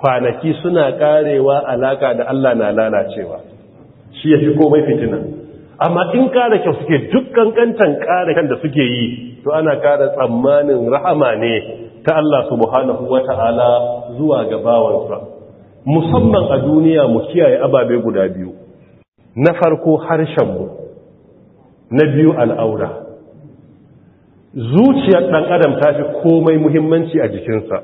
kwanaki suna karewa alaƙa da Allah na lalacewa shi ya fi komai fitina amma in kare kyau suke dukkan kantan kare kan da suke yi to ana kare tsammanin rahama ne ta Allah subhanahu wata'ala zuwa ga bawansa musamman a duniya mu kiyaye ababe guda biyu na farko harshenmu na biyu al'aura zuciyar ɗan adam ta fi komai muhimmanci a jikinsa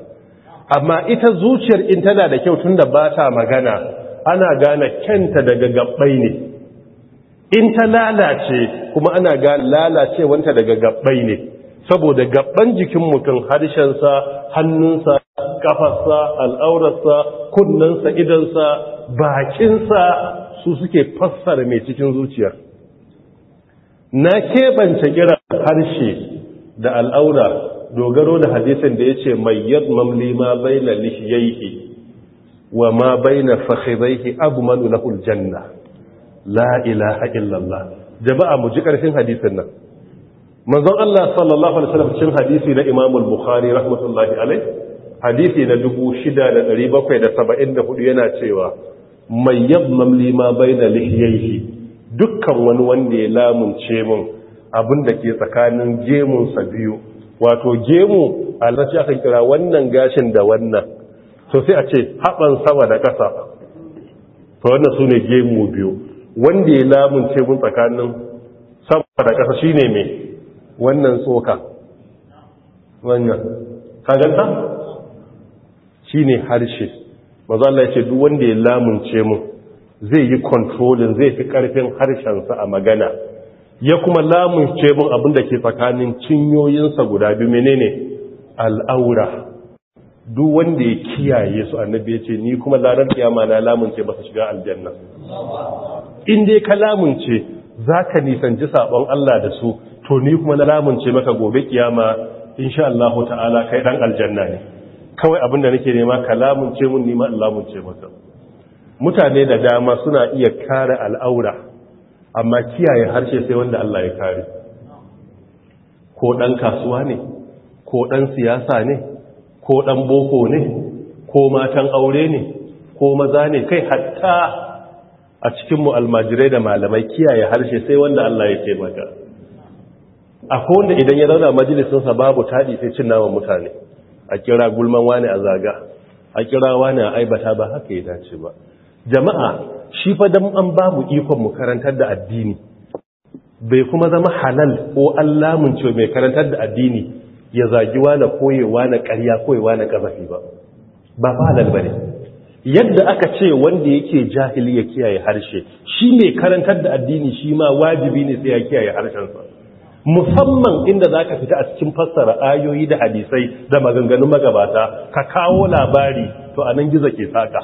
amma ita zuciyar in tana da kyau tun da ba ta magana ana gane kyanta daga gabbai ne in ta lalace kuma ana gane lalacewanta daga gabbai ne saboda gaban jikin mutum harshensa hannunsa kafarsa al'aurarsa kunnensa idansa bakinsa su suke fassara mai cikin zuciyar na keɓance kiran harshe da al'aura dogaro da hadisin da ya ce mai mamli ma bai na lishiyayi wa ma bai na fakhidaihi abu lahul janna la ilaha illallah jama'a mu ji ƙarfin hadisin nan manzon Allah sallallahu alaihi wasallam cikin hadisi na Imam al-Bukhari rahmatullahi alaihi hadisi na 6774 yana cewa mai li lima baina lihiyaihi dukkan wani wanda ya lamunce mun abinda ke tsakanin gemun sa biyu wato gemu a shi aka kira wannan gashin da wannan so sai a ce haban sama da ƙasa to wannan sune gemu biyu wanda ya lamunce mun tsakanin sama da ƙasa shine me wannan tsoka wannan kaganta shi ne harshe Ba Allah ya ce duk wanda ya lamunce mu zai yi kontrolin zai fi ƙarfin harshensa a magana ya kuma lamunce mun abin da ke tsakanin cinyoyinsa guda biyu menene al'aura duk wanda ya kiyaye su annabi ya ce ni kuma larar kiyama na lamunce ba su shiga aljanna in dai ka lamunce za ka nisanci saɓon Allah da su to ni kuma na lamunce maka gobe kiyama insha Allah ta'ala kai dan aljanna ne kawai abin da nake nema ka lamunce mun nima in lamunce maka mutane da dama suna iya kare al'aura amma kiyaye harshe sai wanda Allah ya kare ko dan kasuwa ne ko dan siyasa ne ko dan boko ne ko matan aure ne ko maza ne kai hatta a cikin mu almajirai da malamai kiyaye harshe sai wanda Allah ya taimaka A kowanda idan ya zauna majalisunsa babu taɗi sai cin naman mutane a kira gulman wani a zaga a kira wani a aibata ba haka ya dace ba jama'a shi fa dan an ba mu ikon mu karantar da addini bai kuma zama halal ko Allah mun ce mai karantar da addini ya zagi wani koyewa na ƙarya koyewa na ƙazafi ba ba ba halal ne. yadda aka ce wanda yake jahili ya kiyaye harshe shi mai karantar da addini shi ma wajibi ne sai ya kiyaye harshensa musamman inda za ka fita a cikin fassara ayoyi da hadisai da maganganun magabata ka kawo labari to a nan gizo ke saka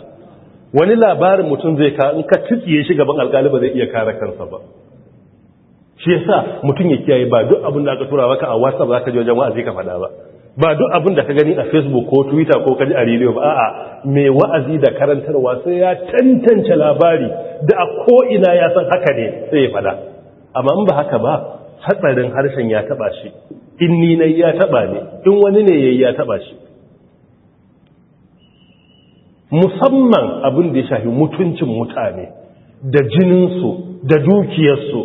wani labarin mutum zai ka in ka tutsiye shi gaban alkali ba zai iya kare kansa ba shi yasa mutum ya kiyaye ba duk abin da aka tura maka a whatsapp za ka je wajen wa'azi ka faɗa ba ba duk abin da ka gani a facebook ko twitter ko kaji a rediyo ba a'a mai wa'azi da karantarwa sai ya tantance labari da a ina ya san haka ne sai ya faɗa amma in ba haka ba hatsarin harshen ya taba shi in ni na ya taba ne in wani ne ya ya taba shi musamman abin da ya shafi mutuncin mutane da jininsu da dukiyarsu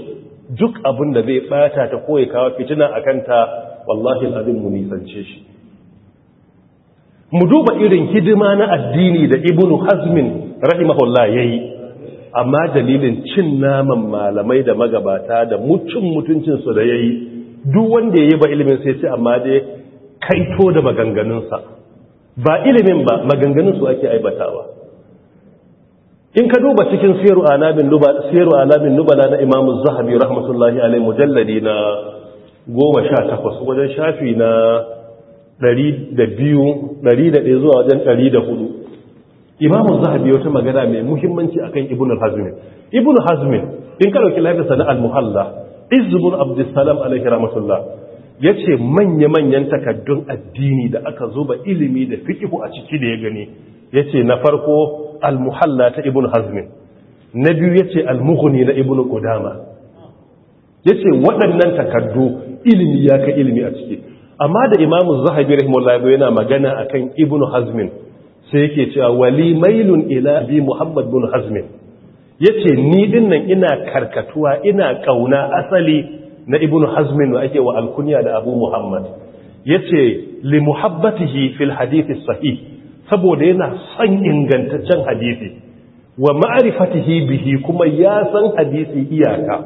duk abin da zai bata ta koyi kawo fitina a kanta wallahi abin mu nisance shi mu duba irin hidima na addini da ibnu hazmin rahimahullah yayi amma dalilin cin naman malamai da magabata da mutum mutuncinsu da ya yi duk wanda ya yi ba ilimin sai ce amma dai kaito da maganganunsa ba ilimin ba maganganunsu ake aibatawa in ka duba cikin siyaru alamin nubala na imamu zahabi rahmatullahi alaihi mujalladi na goma sha takwas wajen shafi na da ɗaya zuwa wajen da hudu. imamu zahabi wata magana mai muhimmanci akan ibn hazmin ibn hazmin in ka ki lafi sana al-muhalla izbun abdussalam alayhi rahmatullah yace manya manyan takaddun addini da aka zuba ilimi da fiqhu a ciki da ya gani yace na farko al-muhalla ta ibn hazmin na biyu yace al-mughni na ibn qudama yace waɗannan takaddu ilimi ya ka ilimi a ciki amma da imamu zahabi rahimahullah yana magana akan ibn hazmin sai yake cewa wali mailun ila bi muhammad bin hazmin yace ni dinnan ina karkatuwa ina kauna asali na ibnu hazmin da ake wa alkunya da abu muhammad yace li muhabbatihi fil hadith sahih saboda yana son ingantaccen hadisi wa ma'rifatihi bihi kuma ya san hadisi iyaka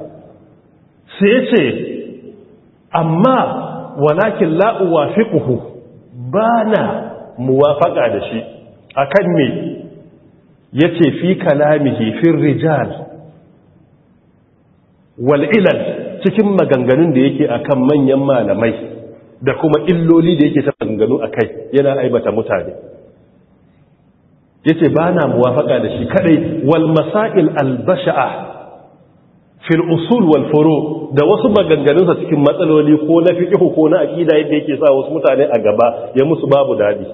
sai yace amma walakin la uwafiquhu bana muwafaqa da shi akan me yace fi kalamihi fi rijal wal ilal cikin maganganun da yake akan manyan malamai da kuma illoli da yake ta maganganu akai yana aibata mutane yace bana muwafaka da shi kadai wal masail al basha'a fil usul wal furu da wasu maganganunsa cikin matsaloli ko na fiqh ko na aƙida yadda yake sa wasu mutane a gaba ya musu babu dadi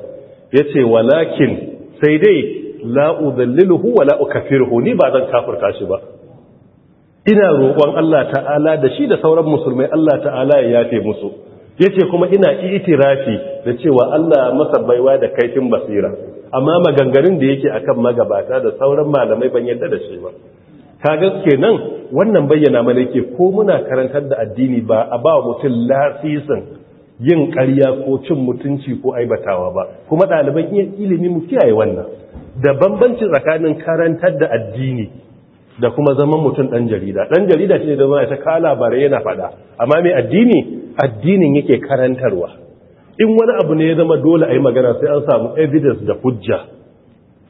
yace walakin sai dai la wa la’ukafirhu ni ba zan kafirta shi ba ina roƙon Allah ta'ala da shi da sauran musulmai Allah ta'ala ya yafe musu yace kuma ina itirafi da cewa Allah masa baiwa da kaifin basira amma maganganun da yake akan magabata da sauran malamai ban yarda da shi ba kaga kenan wannan bayyana mana yake ko muna karantar da addini ba a ba mutum lasisin yin ƙarya ko cin mutunci ko aibatawa ba kuma ɗaliban iya ilimi mu kiyaye wannan da bambanci tsakanin karantar da addini da kuma zaman mutum ɗan jarida ɗan jarida shi ne da zama ta kalabarai labarai yana faɗa amma mai addini addinin yake karantarwa in wani abu ne ya zama dole a yi magana sai an samu evidence da hujja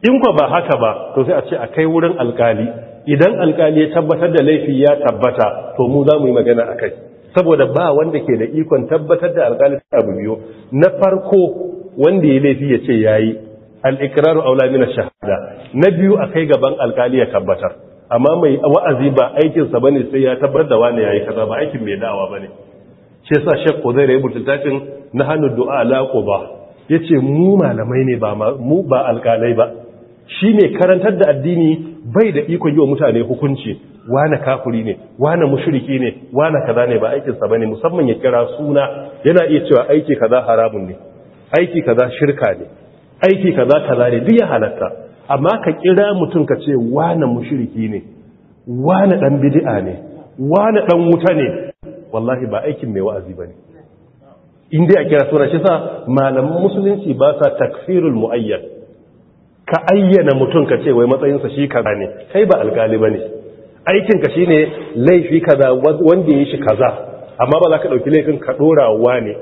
in kwa ba haka ba to sai a ce a kai wurin alkali idan alkali ya tabbatar da laifi ya tabbata to mu za mu yi magana a kai saboda ba wanda ke da ikon tabbatar da alƙalin abu biyu na farko wanda ya laifi ya ce ya yi al’ikirar aula min shahada na biyu a kai gaban alƙali ya tabbatar amma mai wa'azi ba aikinsa sa bane sai ya tabbatar da wani yayi kaza ba aikin mai dawa ne. shi yasa Sheikh zai ya rubuta tafin na hanu du'a ba ya yace mu malamai ne mu ba alƙalai ba shi mai karantar da addini bai da ikon yi wa mutane hukunci wane kafuri ne wane mushriki ne wane kaza ne ba aikinsa ba ne musamman ya kira suna yana iya cewa aiki kaza haramun ne aiki kaza shirka ne aiki kaza kaza ne duk ya halatta amma ka kira mutum ka ce wane mushriki ne wane dan bid'a ne wane dan wuta ne wallahi ba aikin mai wa'azi bane in dai a kira suna shi sa malaman musulunci ba sa takfirul muayyad ka ayyana mutum ka ce wai matsayinsa shi kaza ne kai ba alkali ba ne aikinka shi ne laifi kaza wanda ya shi kaza amma ba za ka ɗauki laifin ka ɗora wa ne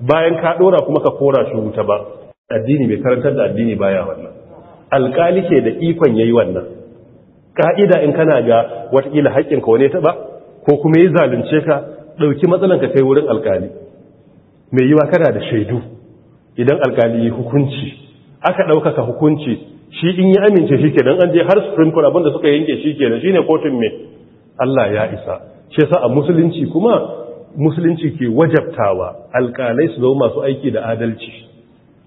bayan ka ɗora kuma ka kora shi wuta ba addini mai karantar da addini baya wannan alkali ke da ikon ya yi wannan ka'ida in kana ga watakila haƙƙinka wane taɓa ko kuma yi zalunce ka ɗauki matsalanka kai wurin alkali mai yiwa kana da shaidu idan alkali yi hukunci aka ɗaukaka hukunci shi in yi amince shi ke kenan an je har supreme court abinda suka yanke shi ke kenan ne kotun mai. Allah ya isa shi sa a musulunci kuma musulunci ke wajabtawa alkalai su zama masu aiki da adalci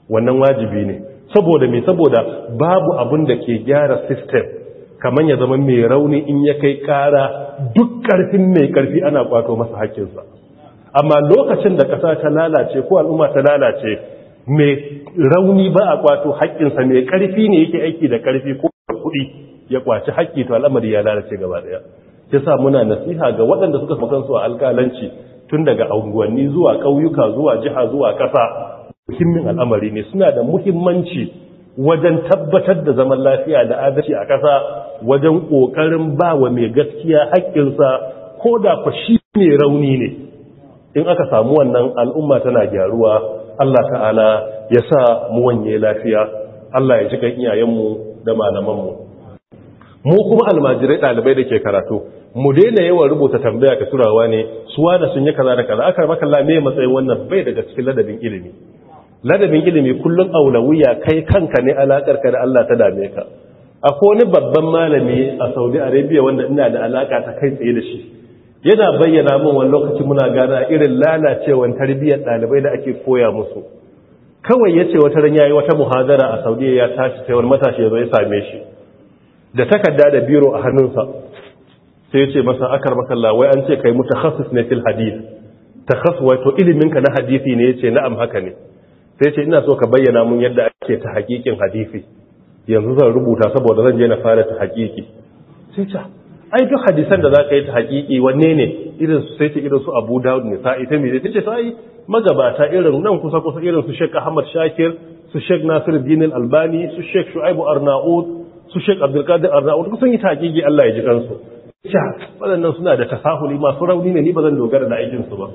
wannan wajibi ne saboda me saboda babu abun da ke gyara system kamar ya zama mai rauni in ya kai ƙara duk ƙarfin mai ƙarfi ana kwato masa haƙƙinsa amma lokacin da ƙasa ta lalace ko al'umma ta lalace mai rauni ba a kwato haƙƙinsa mai ƙarfi ne yake aiki da ƙarfi ko kuɗi ya kwaci haƙƙi to al'amari ya lalace gaba ɗaya sa muna nasiha ga waɗanda suka samu kansu a alƙalanci tun daga unguwanni zuwa ƙauyuka zuwa jiha zuwa ƙasa muhimmin al'amari ne suna da muhimmanci wajen tabbatar da zaman lafiya da adalci a ƙasa wajen ƙoƙarin ba wa mai gaskiya haƙƙinsa ko da shi ne rauni ne in aka samu wannan al'umma tana gyaruwa Allah ta'ala ya sa mu wanye lafiya Allah ya ji iyayenmu da malamanmu mu kuma almajirai ɗalibai da ke karatu mu daina yawan rubuta tambaya ka turawa ne su wanda sun yi kaza da kaza aka maka Allah me matsayin wannan bai daga cikin ladabin ilimi ladabin ilimi kullum aulawiya kai kanka ne alakar ka da Allah ta dame ka akwai wani babban malami a Saudi Arabia wanda ina da alaka ta kai tsaye da shi yana bayyana min wani lokaci muna gana irin lalacewar tarbiyyar ɗalibai da ake koya musu kawai yace wata ran yayi wata muhadara a saudiya ya tashi sai wani matashi ya zo ya same shi da takarda da biro a hannunsa sai yace ce masa akar makalla wai an ce kai mutakhassis ne fil hadith takhassu wa to ilimin ka na hadisi ne yace na'am haka ne sai yace ina so ka bayyana mun yadda ake ta hakikin hadisi yanzu zan rubuta saboda zan je na fara ta hakiki sai ta ai duk hadisan da zaka yi ta hakiki wanne ne irin su sai ta irin su Abu Dawud ne sai ta mije tace sai magabata irin nan kusa kusa irin su Sheikh Ahmad Shakir su Sheikh Nasiruddin Al-Albani su Sheikh Shu'aibu Arnaud su Sheikh Abdul Qadir Arnaud kusan yi ta hakiki Allah ya ji kansu ya waɗannan suna da tasahuli masu rauni ne ni bazan dogara da aikin su ba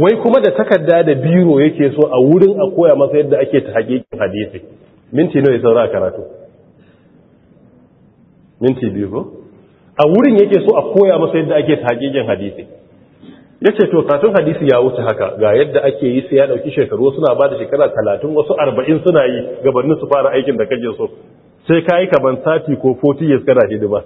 wai kuma da takarda da biro yake so a wurin a koya masa yadda ake ta hakikin hadisi minti nawa ya saura karatu minti biyu ko a wurin yake so a koya masa yadda ake tahakikin hadisi ya ce to katun hadisi ya wuce haka ga yadda ake yi sai ya dauki shekaru suna ba da shekara talatin wasu arba'in suna yi gabanin su fara aikin da kaje so sai ka yi kaban sati ko 40 years kana hidima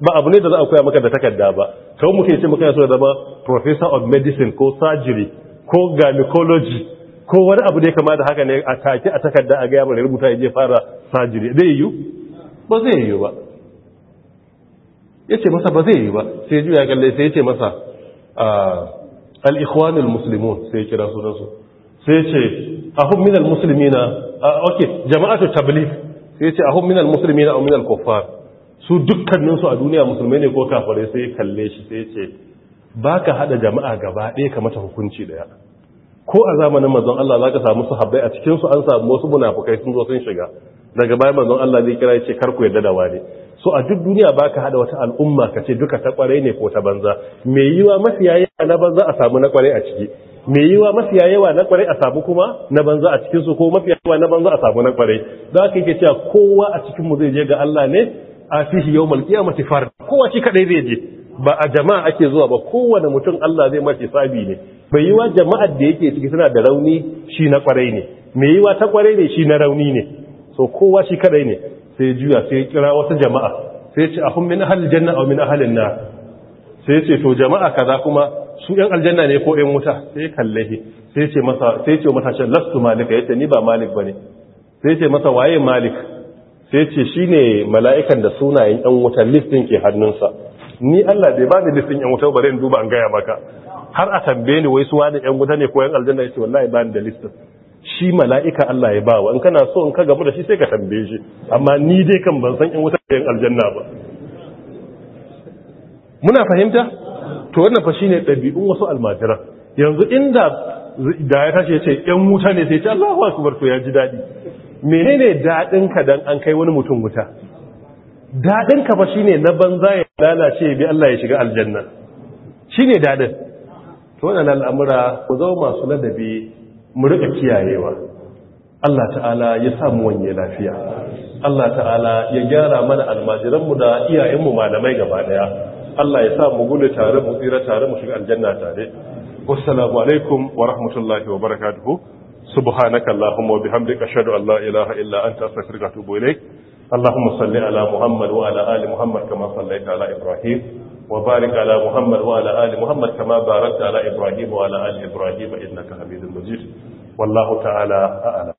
ba abu ne da za a koya maka da takarda ba kawai muke ce muka so da zama professor of medicine ko surgery ko gynecology ko wani abu da ya kama da haka ne a take a takarda a gaya mana rubuta ya je fara surgery dai yiwu ba zai yiwu ba ya ce masa ba zai yi ba sai juya kalle sai ya ce masa ah, al’ikwanin musulmi sai ya kira sunansu sai ya ce ahun minal musulmi na ah, ok jama'atu tablif sai ya ce ahun minal musulmi na minal kofar su dukkaninsu a duniya musulmi ne ko kafare sai ya kalle shi sai ya ce ba ka haɗa jama'a gaba ɗaya ka mata hukunci ɗaya ko a zamanin mazan Allah za ka samu su habbai a cikinsu an samu wasu munafukai sun zo sun shiga daga bayan mazan Allah zai kira ya ce karku yadda da wani so a duk duniya baka hada wata al'umma ka ce duka ta kwarai ne ko ta banza me yiwa mafi yawa na banza a samu na kwarai a ciki me yiwa mafi yawa na kwarai a samu kuma na banza a cikinsu? ko mafi yawa na banza a samu na kwarai za ka yake cewa kowa a cikinmu zai je ga Allah ne a fihi a mace fara? kowa shi kadai zai je ba a jama'a ake zuwa ba kowane mutum Allah zai mace sabi ne bai yiwa jama'ar da yake ciki tana da rauni shi na kwarai ne mai yiwa ta kwarai ne shi na rauni ne so kowa shi kadai ne sai juya sai kira wata jama'a sai ce ahum min ahlil janna aw min ahlin nar sai ce to jama'a kaza kuma su ɗan aljanna ne ko ɗan wuta sai kalle shi sai ce masa sai ce masa shan lastu malika yace ni ba malik bane sai ce masa waye malik sai ce shine mala'ikan da sunayen ɗan wuta listin ke hannunsa ni Allah bai bani listin ɗan wuta bare in duba an gaya maka har a tambaye ni wai su wani ɗan wuta ne ko ɗan aljanna yace wallahi bani da listin shi mala'ika Allah ya bawa in kana so in ka gamu da shi sai ka tambaye shi amma ni dai kan ban san in wuta da aljanna ba muna fahimta to wannan fa shine dabi'un wasu almajira yanzu inda da ya tashi ce yan wuta ne sai ce Allahu akbar to ya ji daɗi. menene dadin ka dan an kai wani mutum wuta dadin ka fa shine na banza ya lalace bi Allah ya shiga aljanna shine dadin to wannan al'amura ku zama masu ladabi mu rika kiyayewa Allah ta'ala ya samu wanye lafiya Allah ta'ala ya gyara mana almajiranmu da iyayenmu malamai gaba daya Allah ya sa mu gudu tare mu tsira tare mu shiga aljanna tare assalamu alaikum wa rahmatullahi wa barakatuhu subhanaka allahumma wa bihamdika ashhadu an la ilaha illa anta astaghfiruka wa atubu ilaik اللهم صل على محمد وعلى ال ala كما wa على ابراهيم Muhammad على محمد وعلى ال محمد كما ala على ابراهيم وعلى ال ابراهيم انك حميد مجيد والله تعالى أعلم